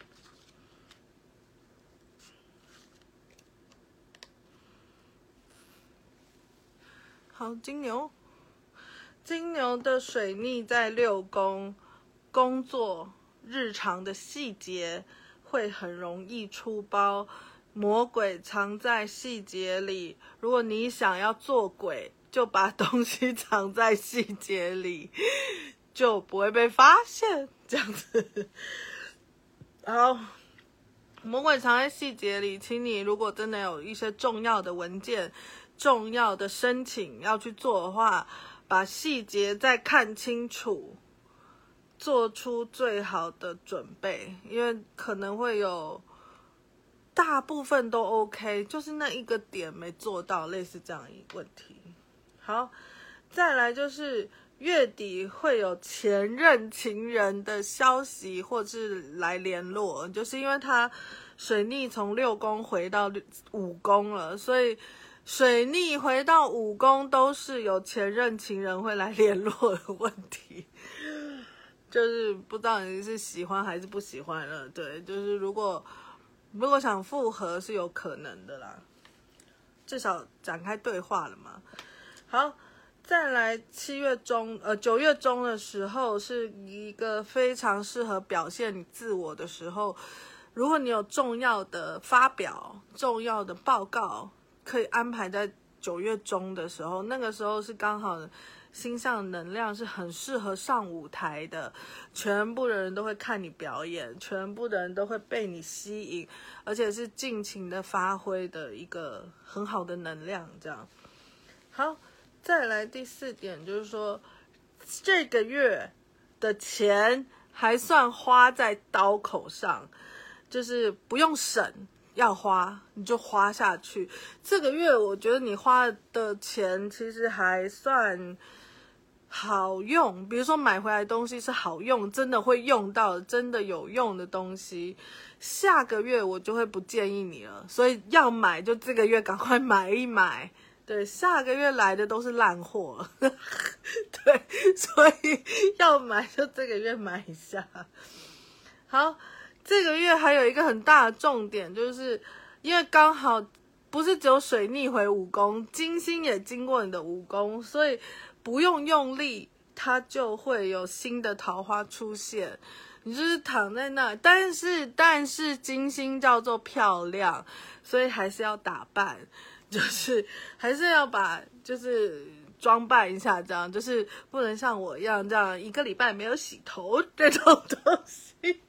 Speaker 1: 好，金牛，金牛的水逆在六宮，工作日常的細節會很容易出包，魔鬼藏在細節裡。如果你想要做鬼，就把東西藏在細節裡。就不會被發現這樣子。然後，魔鬼藏在細節裡，請你如果真的有一些重要的文件、重要的申請要去做的話，把細節再看清楚，做出最好的準備，因為可能會有大部分都 OK，就是那一個點沒做到，類似這樣一個問題。好，再來就是。月底會有前任情人的消息，或是來聯絡，就是因為他水逆從六宮回到五宮了，所以水逆回到五宮都是有前任情人會來聯絡的問題，就是不知道你是喜歡還是不喜歡了。對，就是如果如果想復合是有可能的啦，至少展開對話了嘛。好。再來七月中，呃，九月中的時候是一個非常適合表現你自我的時候。如果你有重要的發表、重要的報告，可以安排在九月中的時候。那個時候是剛好，星象能量是很適合上舞台的，全部的人都會看你表演，全部的人都會被你吸引，而且是盡情的發揮的一個很好的能量。這樣，好。再來第四點，就是說這個月的錢還算花在刀口上，就是不用省，要花，你就花下去。這個月我覺得你花的錢其實還算好用，比如說買回來東西是好用，真的會用到，真的有用的東西。下個月我就會不建議你了，所以要買，就這個月趕快買一買。對，下個月來的都是爛貨，對，所以要買就這個月買一下。好，這個月還有一個很大的重點，就是因為剛好不是只有水逆回五宮，金星也經過你的五宮，所以不用用力，它就會有新的桃花出現。你就是躺在那，但是但是金星叫做漂亮，所以還是要打扮。就是還是要把就是裝扮一下，這樣就是不能像我一樣，這樣一個禮拜沒有洗頭這種東西。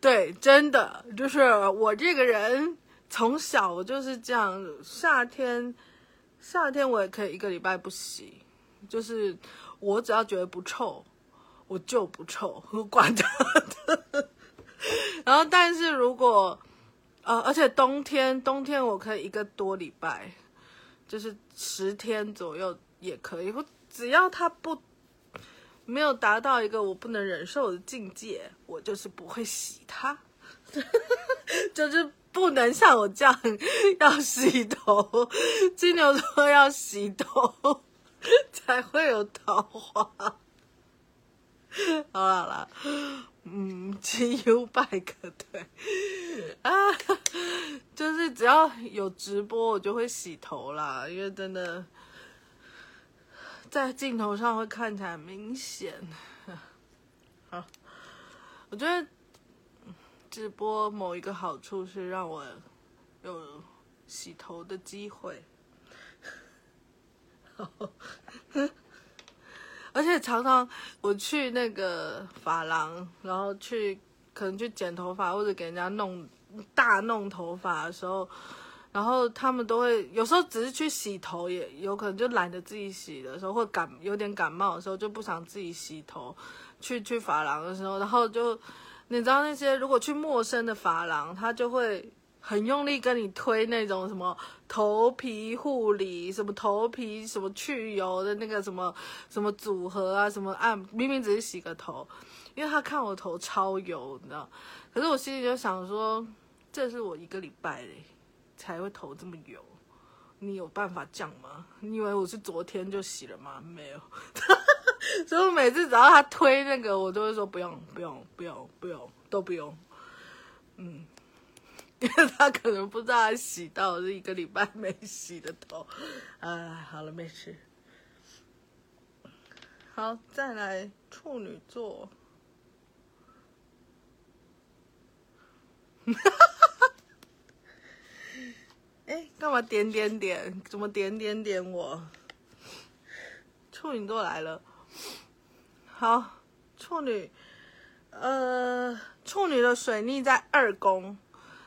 Speaker 1: 對，真的就是我這個人從小我就是這樣，夏天夏天我也可以一個禮拜不洗，就是我只要覺得不臭，我就不臭，我管他的。然後，但是如果呃，而且冬天，冬天我可以一個多禮拜，就是十天左右也可以。我只要它不沒有達到一個我不能忍受的境界，我就是不會洗它。 就是不能像我這樣要洗頭，金牛座要洗頭才會有桃花。好啦，好啦，嗯，金 U back，對啊，就是只要有直播，我就會洗頭啦，因為真的在鏡頭上會看起來很明顯。好，我覺得直播某一個好處是讓我有洗頭的機會。好。而且常常我去那個髮廊，然後去可能去剪頭髮或者給人家弄大弄頭髮的時候，然後他們都會有時候只是去洗頭也，也有可能就懶得自己洗的時候，或感有點感冒的時候就不想自己洗頭，去去髮廊的時候，然後就你知道那些如果去陌生的髮廊，他就會。很用力跟你推那種什麼頭皮護理，什麼頭皮什麼去油的那個什麼什麼組合啊，什麼啊，明明只是洗個頭，因為他看我頭超油，你知道，可是我心裡就想說，這是我一個禮拜、欸、才會頭這麼油，你有辦法降嗎？你以為我是昨天就洗了嗎？沒有， 所以我每次只要他推那個，我都會說不用不用不用不用都不用，嗯。因為他可能不知道，他洗到是一個禮拜沒洗的頭，哎，好了，沒事。好，再來處女座。哈哈哈！哎，幹嘛點點點？怎麼點點點我？處女座來了。好，處女，呃，處女的水逆在二宮。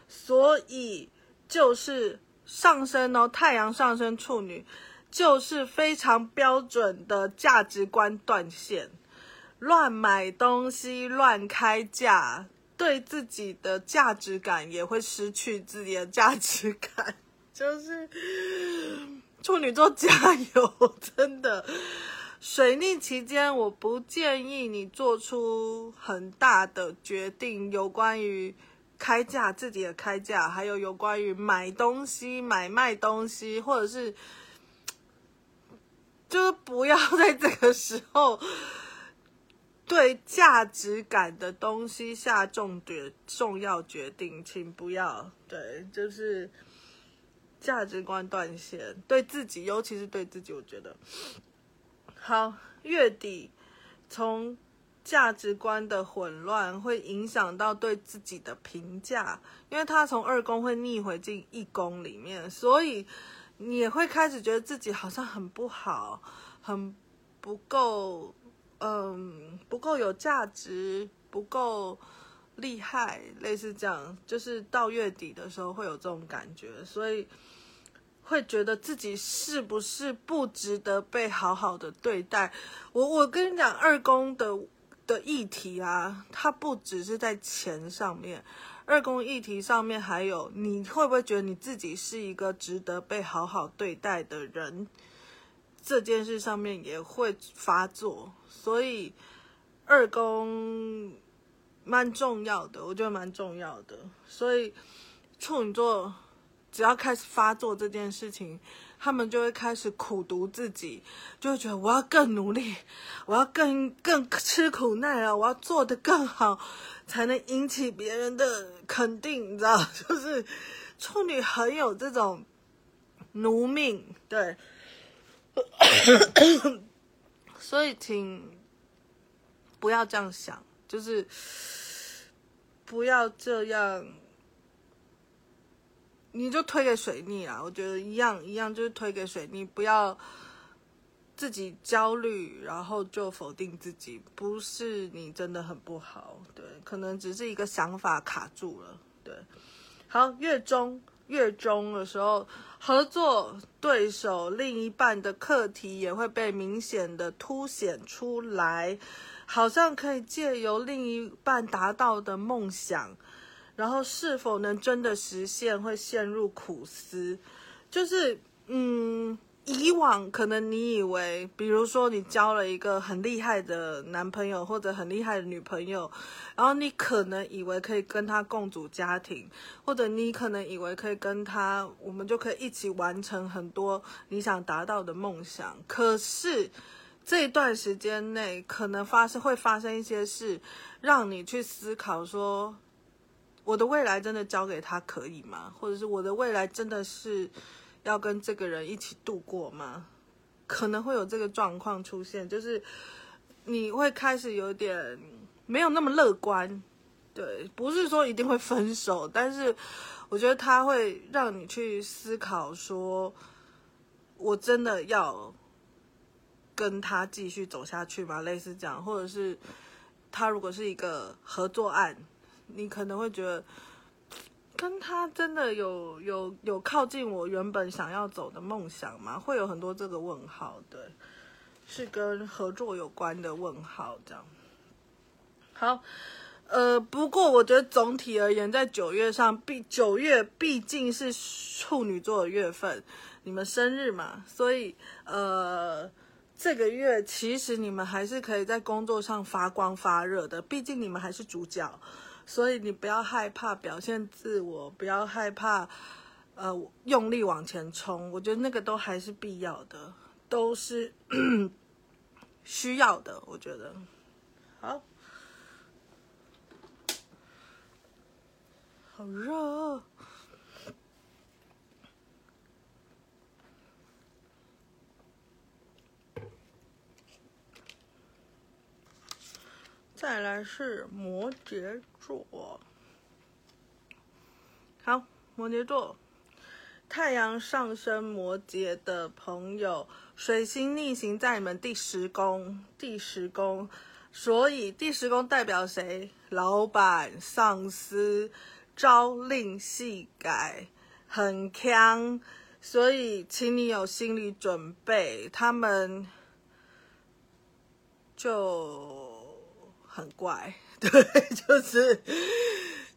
Speaker 1: 所以就是上升哦，太陽上升處女，就是非常標準的價值觀斷線，亂買東西，亂開價，對自己的價值感也會失去自己的價值感，就是處女座加油，真的，水逆期間，我不建議你做出很大的決定，有關於。開價自己的開價，還有有關於買東西、買賣東西，或者是，就是不要在這個時候對價值感的東西下重點、重要決定，請不要對，就是價值觀斷線，對自己，尤其是對自己，我覺得好月底從。價值觀的混亂會影響到對自己的評價，因為他從二宮會逆回進一宮裡面，所以你也會開始覺得自己好像很不好，很不夠，嗯，不夠有價值，不夠厲害，類似這樣，就是到月底的時候會有這種感覺，所以會覺得自己是不是不值得被好好的對待。我我跟你講，二宮的。的議題啊，它不只是在錢上面，二宮議題上面，還有你會不會覺得你自己是一個值得被好好對待的人這件事上面也會發作，所以二宮蠻重要的，我覺得蠻重要的，所以處女座只要開始發作這件事情。他們就會開始苦毒自己，就會覺得我要更努力，我要更更吃苦耐勞，我要做得更好，才能引起別人的肯定，你知道？就是處女很有這種奴命，對， 所以請不要這樣想，就是不要這樣。你就推給水逆啊，我覺得一樣一樣，就是推給水逆，不要自己焦慮，然後就否定自己，不是你真的很不好，對，可能只是一個想法卡住了，對。好，月中月中的時候，合作對手另一半的課題也會被明顯的凸顯出來，好像可以借由另一半達到的夢想。然後是否能真的實現，會陷入苦思。就是，嗯，以往可能你以為，比如說你交了一個很厲害的男朋友或者很厲害的女朋友，然後你可能以為可以跟他共組家庭，或者你可能以為可以跟他，我們就可以一起完成很多你想達到的夢想。可是這一段時間內，可能發生會發生一些事，讓你去思考說。我的未來真的交給他可以嗎？或者是我的未來真的是要跟這個人一起度過嗎？可能會有這個狀況出現，就是你會開始有點沒有那麼樂觀。對，不是說一定會分手，但是我覺得他會讓你去思考，說我真的要跟他繼續走下去嗎？類似這樣，或者是他如果是一個合作案。你可能會覺得跟他真的有有有靠近我原本想要走的夢想嗎？會有很多這個問號，對，是跟合作有關的問號這樣。好，呃，不過我覺得總體而言，在九月上，畢九月畢竟是處女座的月份，你們生日嘛，所以呃，這個月其實你們還是可以在工作上發光發熱的，畢竟你們還是主角。所以你不要害怕表現自我，不要害怕，呃，用力往前衝。我覺得那個都還是必要的，都是 需要的。我覺得，好，好熱哦。再來是摩羯座，好，摩羯座，太陽上升摩羯的朋友，水星逆行在你們第十宮，第十宮，所以第十宮代表誰？老闆、上司，朝令夕改，很鏘，所以請你有心理準備，他們就。很怪，對，就是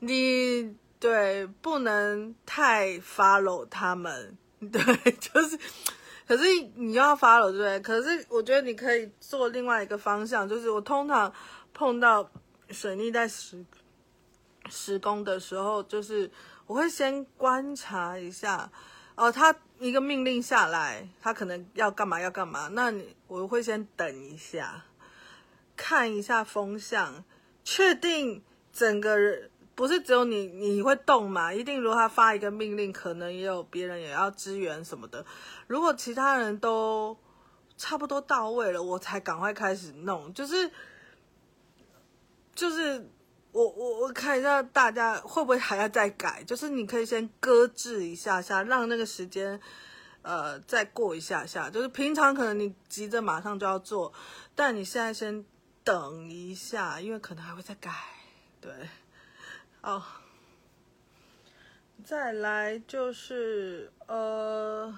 Speaker 1: 你對不能太发 w 他們，對，就是，可是你又要发 w，對，可是我覺得你可以做另外一個方向，就是我通常碰到水利在時，施工的時候，就是我會先觀察一下，哦，他一個命令下來，他可能要幹嘛要幹嘛，那你我會先等一下。看一下風向，確定整個人，不是只有你你會動嘛？一定如果他發一個命令，可能也有別人也要支援什麼的。如果其他人都差不多到位了，我才趕快開始弄。就是就是我我我看一下大家會不會還要再改。就是你可以先擱置一下下，讓那個時間呃再過一下下。就是平常可能你急着馬上就要做，但你現在先。等一下，因為可能還會再改，對，哦，再來就是呃，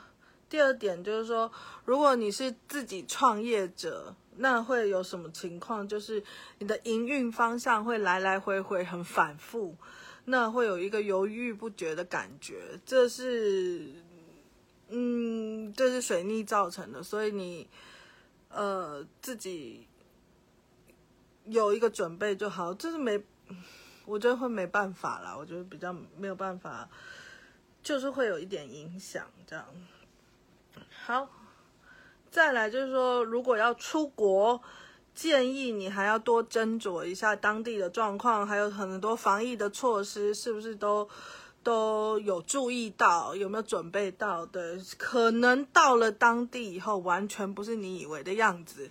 Speaker 1: 第二點就是說，如果你是自己創業者，那會有什麼情況？就是你的營運方向會來來回回很反覆，那會有一個猶豫不決的感覺。這是，嗯，這是水逆造成的，所以你呃自己。有一個準備就好，就是沒，我覺得會沒辦法啦，我覺得比較沒有辦法，就是會有一點影響這樣。好，再來就是說，如果要出國，建議你還要多斟酌一下當地的狀況，還有很多防疫的措施是不是都都有注意到，有沒有準備到？對，可能到了當地以後，完全不是你以為的樣子。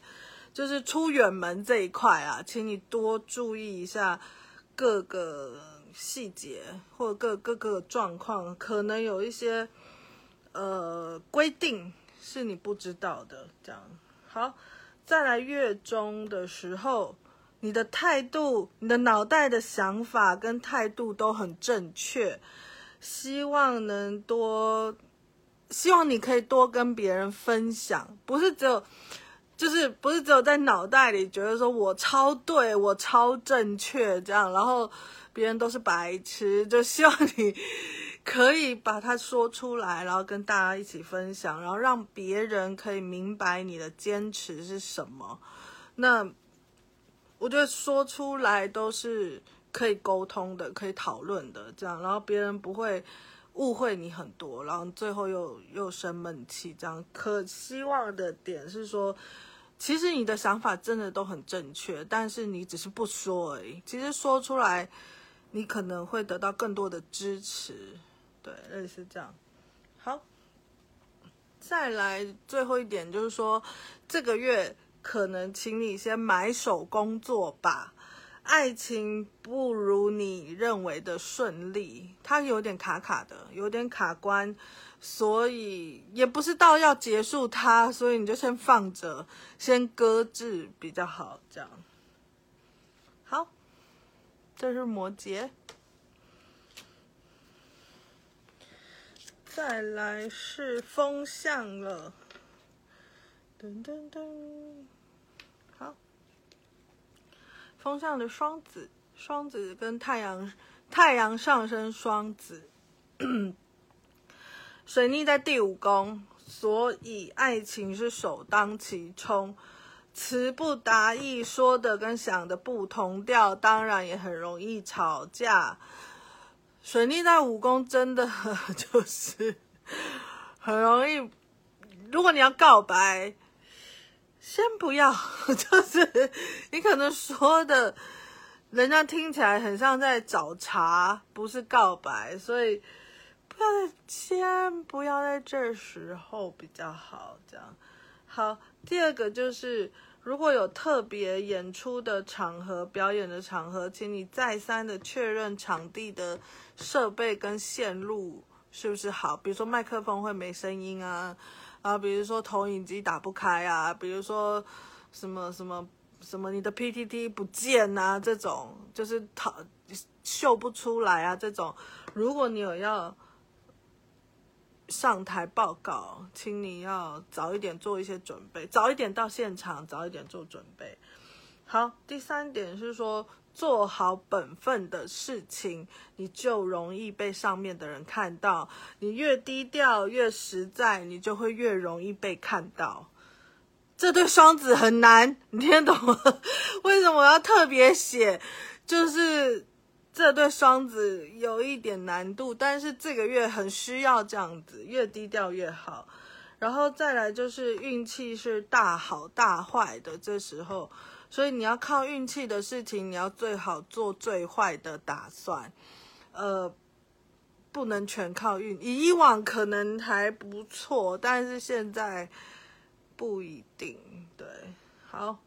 Speaker 1: 就是出遠門這一塊啊，請你多注意一下各個細節，或者各、各個狀況，可能有一些呃規定是你不知道的，這樣好，再來月中的時候，你的態度、你的腦袋的想法跟態度都很正確，希望能多希望你可以多跟別人分享，不是只有。就是不是只有在腦袋裡覺得說我超對我超正確這樣，然後別人都是白痴，就希望你可以把它說出來，然後跟大家一起分享，然後讓別人可以明白你的堅持是什麼。那我覺得說出來都是可以溝通的，可以討論的，這樣，然後別人不會誤會你很多，然後最後又又生悶氣。這樣，可希望的點是說。其實你的想法真的都很正確，但是你只是不說而已。其實說出來，你可能會得到更多的支持。對，類似這樣。好，再來最後一點，就是說這個月可能請你先買手工作吧。愛情不如你認為的順利，它有點卡卡的，有點卡關，所以也不是到要結束它，所以你就先放着，先擱置比較好，這樣。好，這是摩羯，再來是風象了，噔噔噔。風象的雙子，雙子跟太陽，太陽上升雙子，水逆在第五宮，所以愛情是首當其衝，詞不達意，說的跟想的不同調，當然也很容易吵架。水逆在五宮，真的呵呵就是很容易，如果你要告白。先不要，就是你可能說的，人家聽起來很像在找茬，不是告白，所以不要在先不要在這時候比較好，這樣。好，第二個就是如果有特別演出的場合、表演的場合，請你再三的確認場地的設備跟線路是不是好，比如說麥克風會沒聲音啊。啊，比如說投影機打不開啊，比如說什，什麼什麼什麼，你的 PPT 不見啊，這種就是他秀不出來啊，這種，如果你有要上台報告，請你要早一點做一些準備，早一點到現場，早一點做準備。好，第三點是說。做好本分的事情，你就容易被上面的人看到。你越低調，越實在，你就會越容易被看到。這對雙子很難，你聽得懂嗎？為什麼我要特別寫？就是這對雙子有一點難度，但是這個月很需要這樣子，越低調越好。然後再來就是運氣是大好大壞的，這時候。所以你要靠運氣的事情，你要最好做最壞的打算，呃，不能全靠運。以往可能還不錯，但是現在不一定。對，好。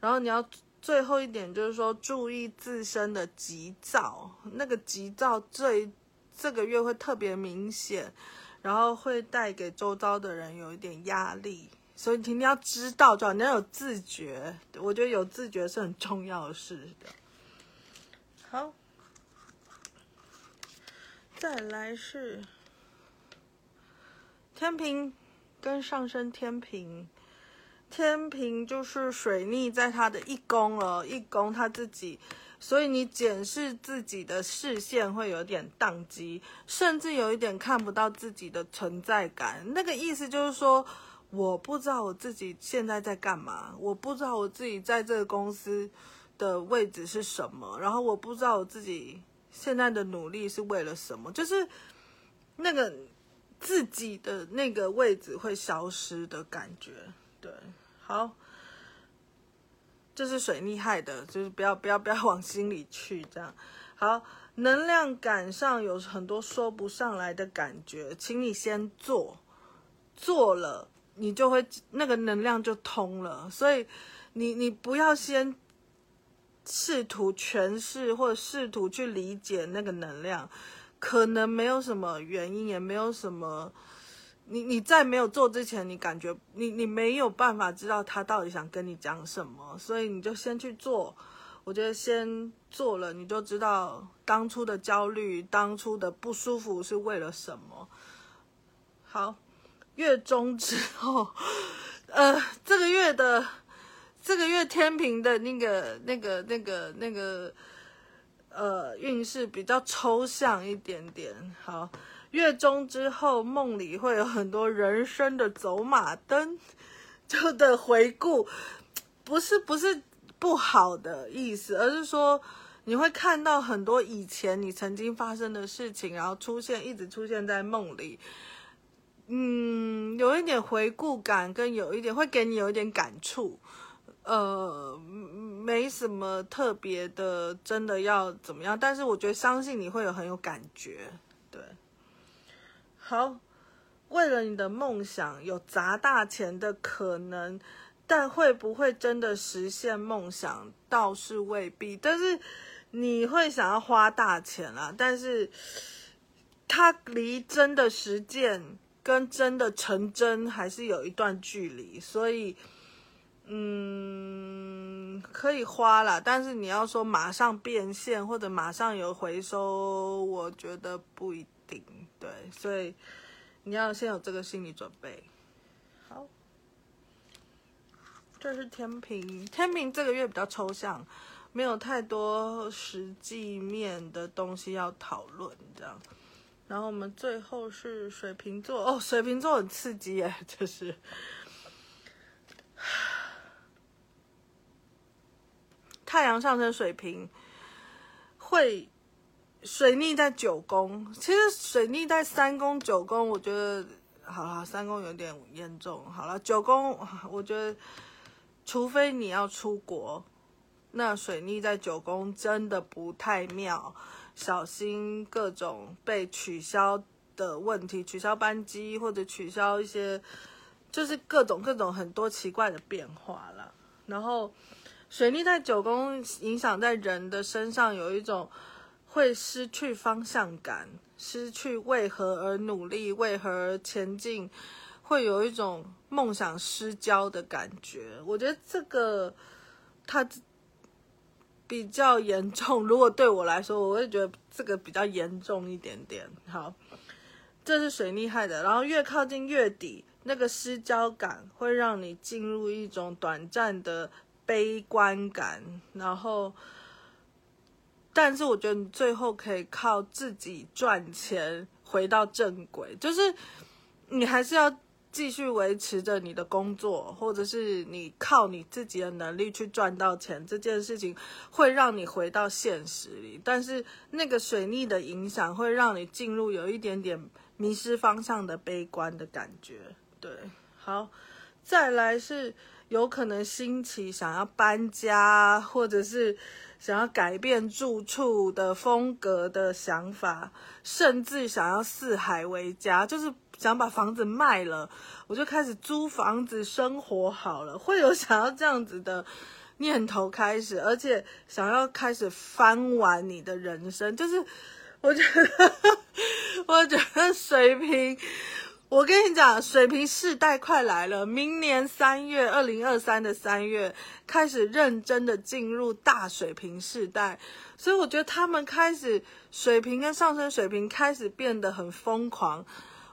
Speaker 1: 然後你要最後一點就是說，注意自身的急躁，那個急躁最這個月會特別明顯，然後會帶給周遭的人有一點壓力。所以，你一定要知道，就好。你要有自覺，我覺得有自覺是很重要的事的。好，再來是天秤跟上升天秤。天秤就是水逆，在他的一宮了，一宮他自己，所以你檢視自己的視線會有點當機，甚至有一點看不到自己的存在感。那個意思就是說。我不知道我自己現在在幹嘛，我不知道我自己在這個公司的位置是什麼，然後我不知道我自己現在的努力是為了什麼，就是那個自己的那個位置會消失的感覺。對，好，這是水逆害的，就是不要不要不要往心裡去，這樣好。能量感上有很多說不上來的感覺，請你先做，做了。你就會那個能量就通了，所以你你不要先試圖詮釋或者試圖去理解那個能量，可能沒有什麼原因，也沒有什麼。你你在沒有做之前，你感覺你你沒有辦法知道他到底想跟你講什麼，所以你就先去做。我覺得先做了，你就知道當初的焦慮、當初的不舒服是為了什麼。好。月中之後，呃，這個月的這個月天秤的那個那個那個那個呃運勢比較抽象一點點。好，月中之後，夢裡會有很多人生的走馬燈，就的回顧，不是不是不好的意思，而是說你會看到很多以前你曾經發生的事情，然後出現一直出現在夢裡。嗯，有一點回顧感，跟有一點會給你有一點感觸，呃，沒什麼特別的，真的要怎麼樣？但是我覺得相信你會有很有感覺，對。好，為了你的夢想有砸大錢的可能，但會不會真的實現夢想倒是未必。但是你會想要花大錢啊，但是它離真的實踐。跟真的成真還是有一段距離，所以，嗯，可以花啦，但是你要說馬上變現或者馬上有回收，我覺得不一定。對，所以你要先有這個心理準備。好，這是天秤，天秤這個月比較抽象，沒有太多實際面的東西要討論，這樣。然後我們最後是水瓶座哦，水瓶座很刺激耶，就是太陽上升水瓶，會水逆在九宮。其實水逆在三宮、九宮，我覺得好啦，三宮有點嚴重，好啦，九宮我覺得，除非你要出國，那水逆在九宮真的不太妙。小心各種被取消的問題，取消班機或者取消一些，就是各種各種很多奇怪的變化啦。然後水逆在九宮影響在人的身上，有一種會失去方向感、失去為何而努力、為何而前進，會有一種夢想失焦的感覺。我覺得這個他。比較嚴重，如果對我來說，我會覺得這個比較嚴重一點點。好，這是水厲害的？然後越靠近月底，那個失焦感會讓你進入一種短暫的悲觀感。然後，但是我覺得你最後可以靠自己賺錢回到正軌，就是你還是要。繼續維持着你的工作，或者是你靠你自己的能力去賺到錢這件事情，會讓你回到現實裡，但是那個水逆的影響會讓你進入有一點點迷失方向的悲觀的感覺。對，好，再來是有可能興起想要搬家，或者是想要改變住處的風格的想法，甚至想要四海為家，就是。想把房子賣了，我就開始租房子生活好了。會有想要這樣子的念頭開始，而且想要開始翻完你的人生。就是我覺得，我覺得水瓶，我跟你講，水瓶世代快來了。明年三月，二零二三的三月開始認真的進入大水瓶世代。所以我覺得他們開始水瓶跟上升水瓶開始變得很瘋狂。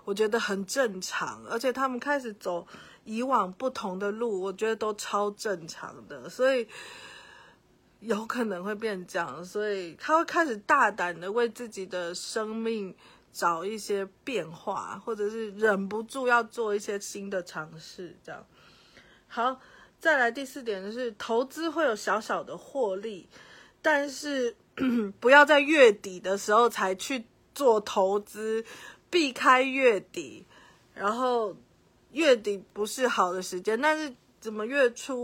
Speaker 1: 我覺得很正常，而且他們開始走以往不同的路，我覺得都超正常的，所以有可能會變這樣。所以他會開始大膽的為自己的生命找一些變化，或者是忍不住要做一些新的嘗試，這樣。好，再來第四點就是投資會有小小的獲利，但是 不要在月底的時候才去做投資。避開月底，然後月底不是好的時間，但是怎麼月初啊？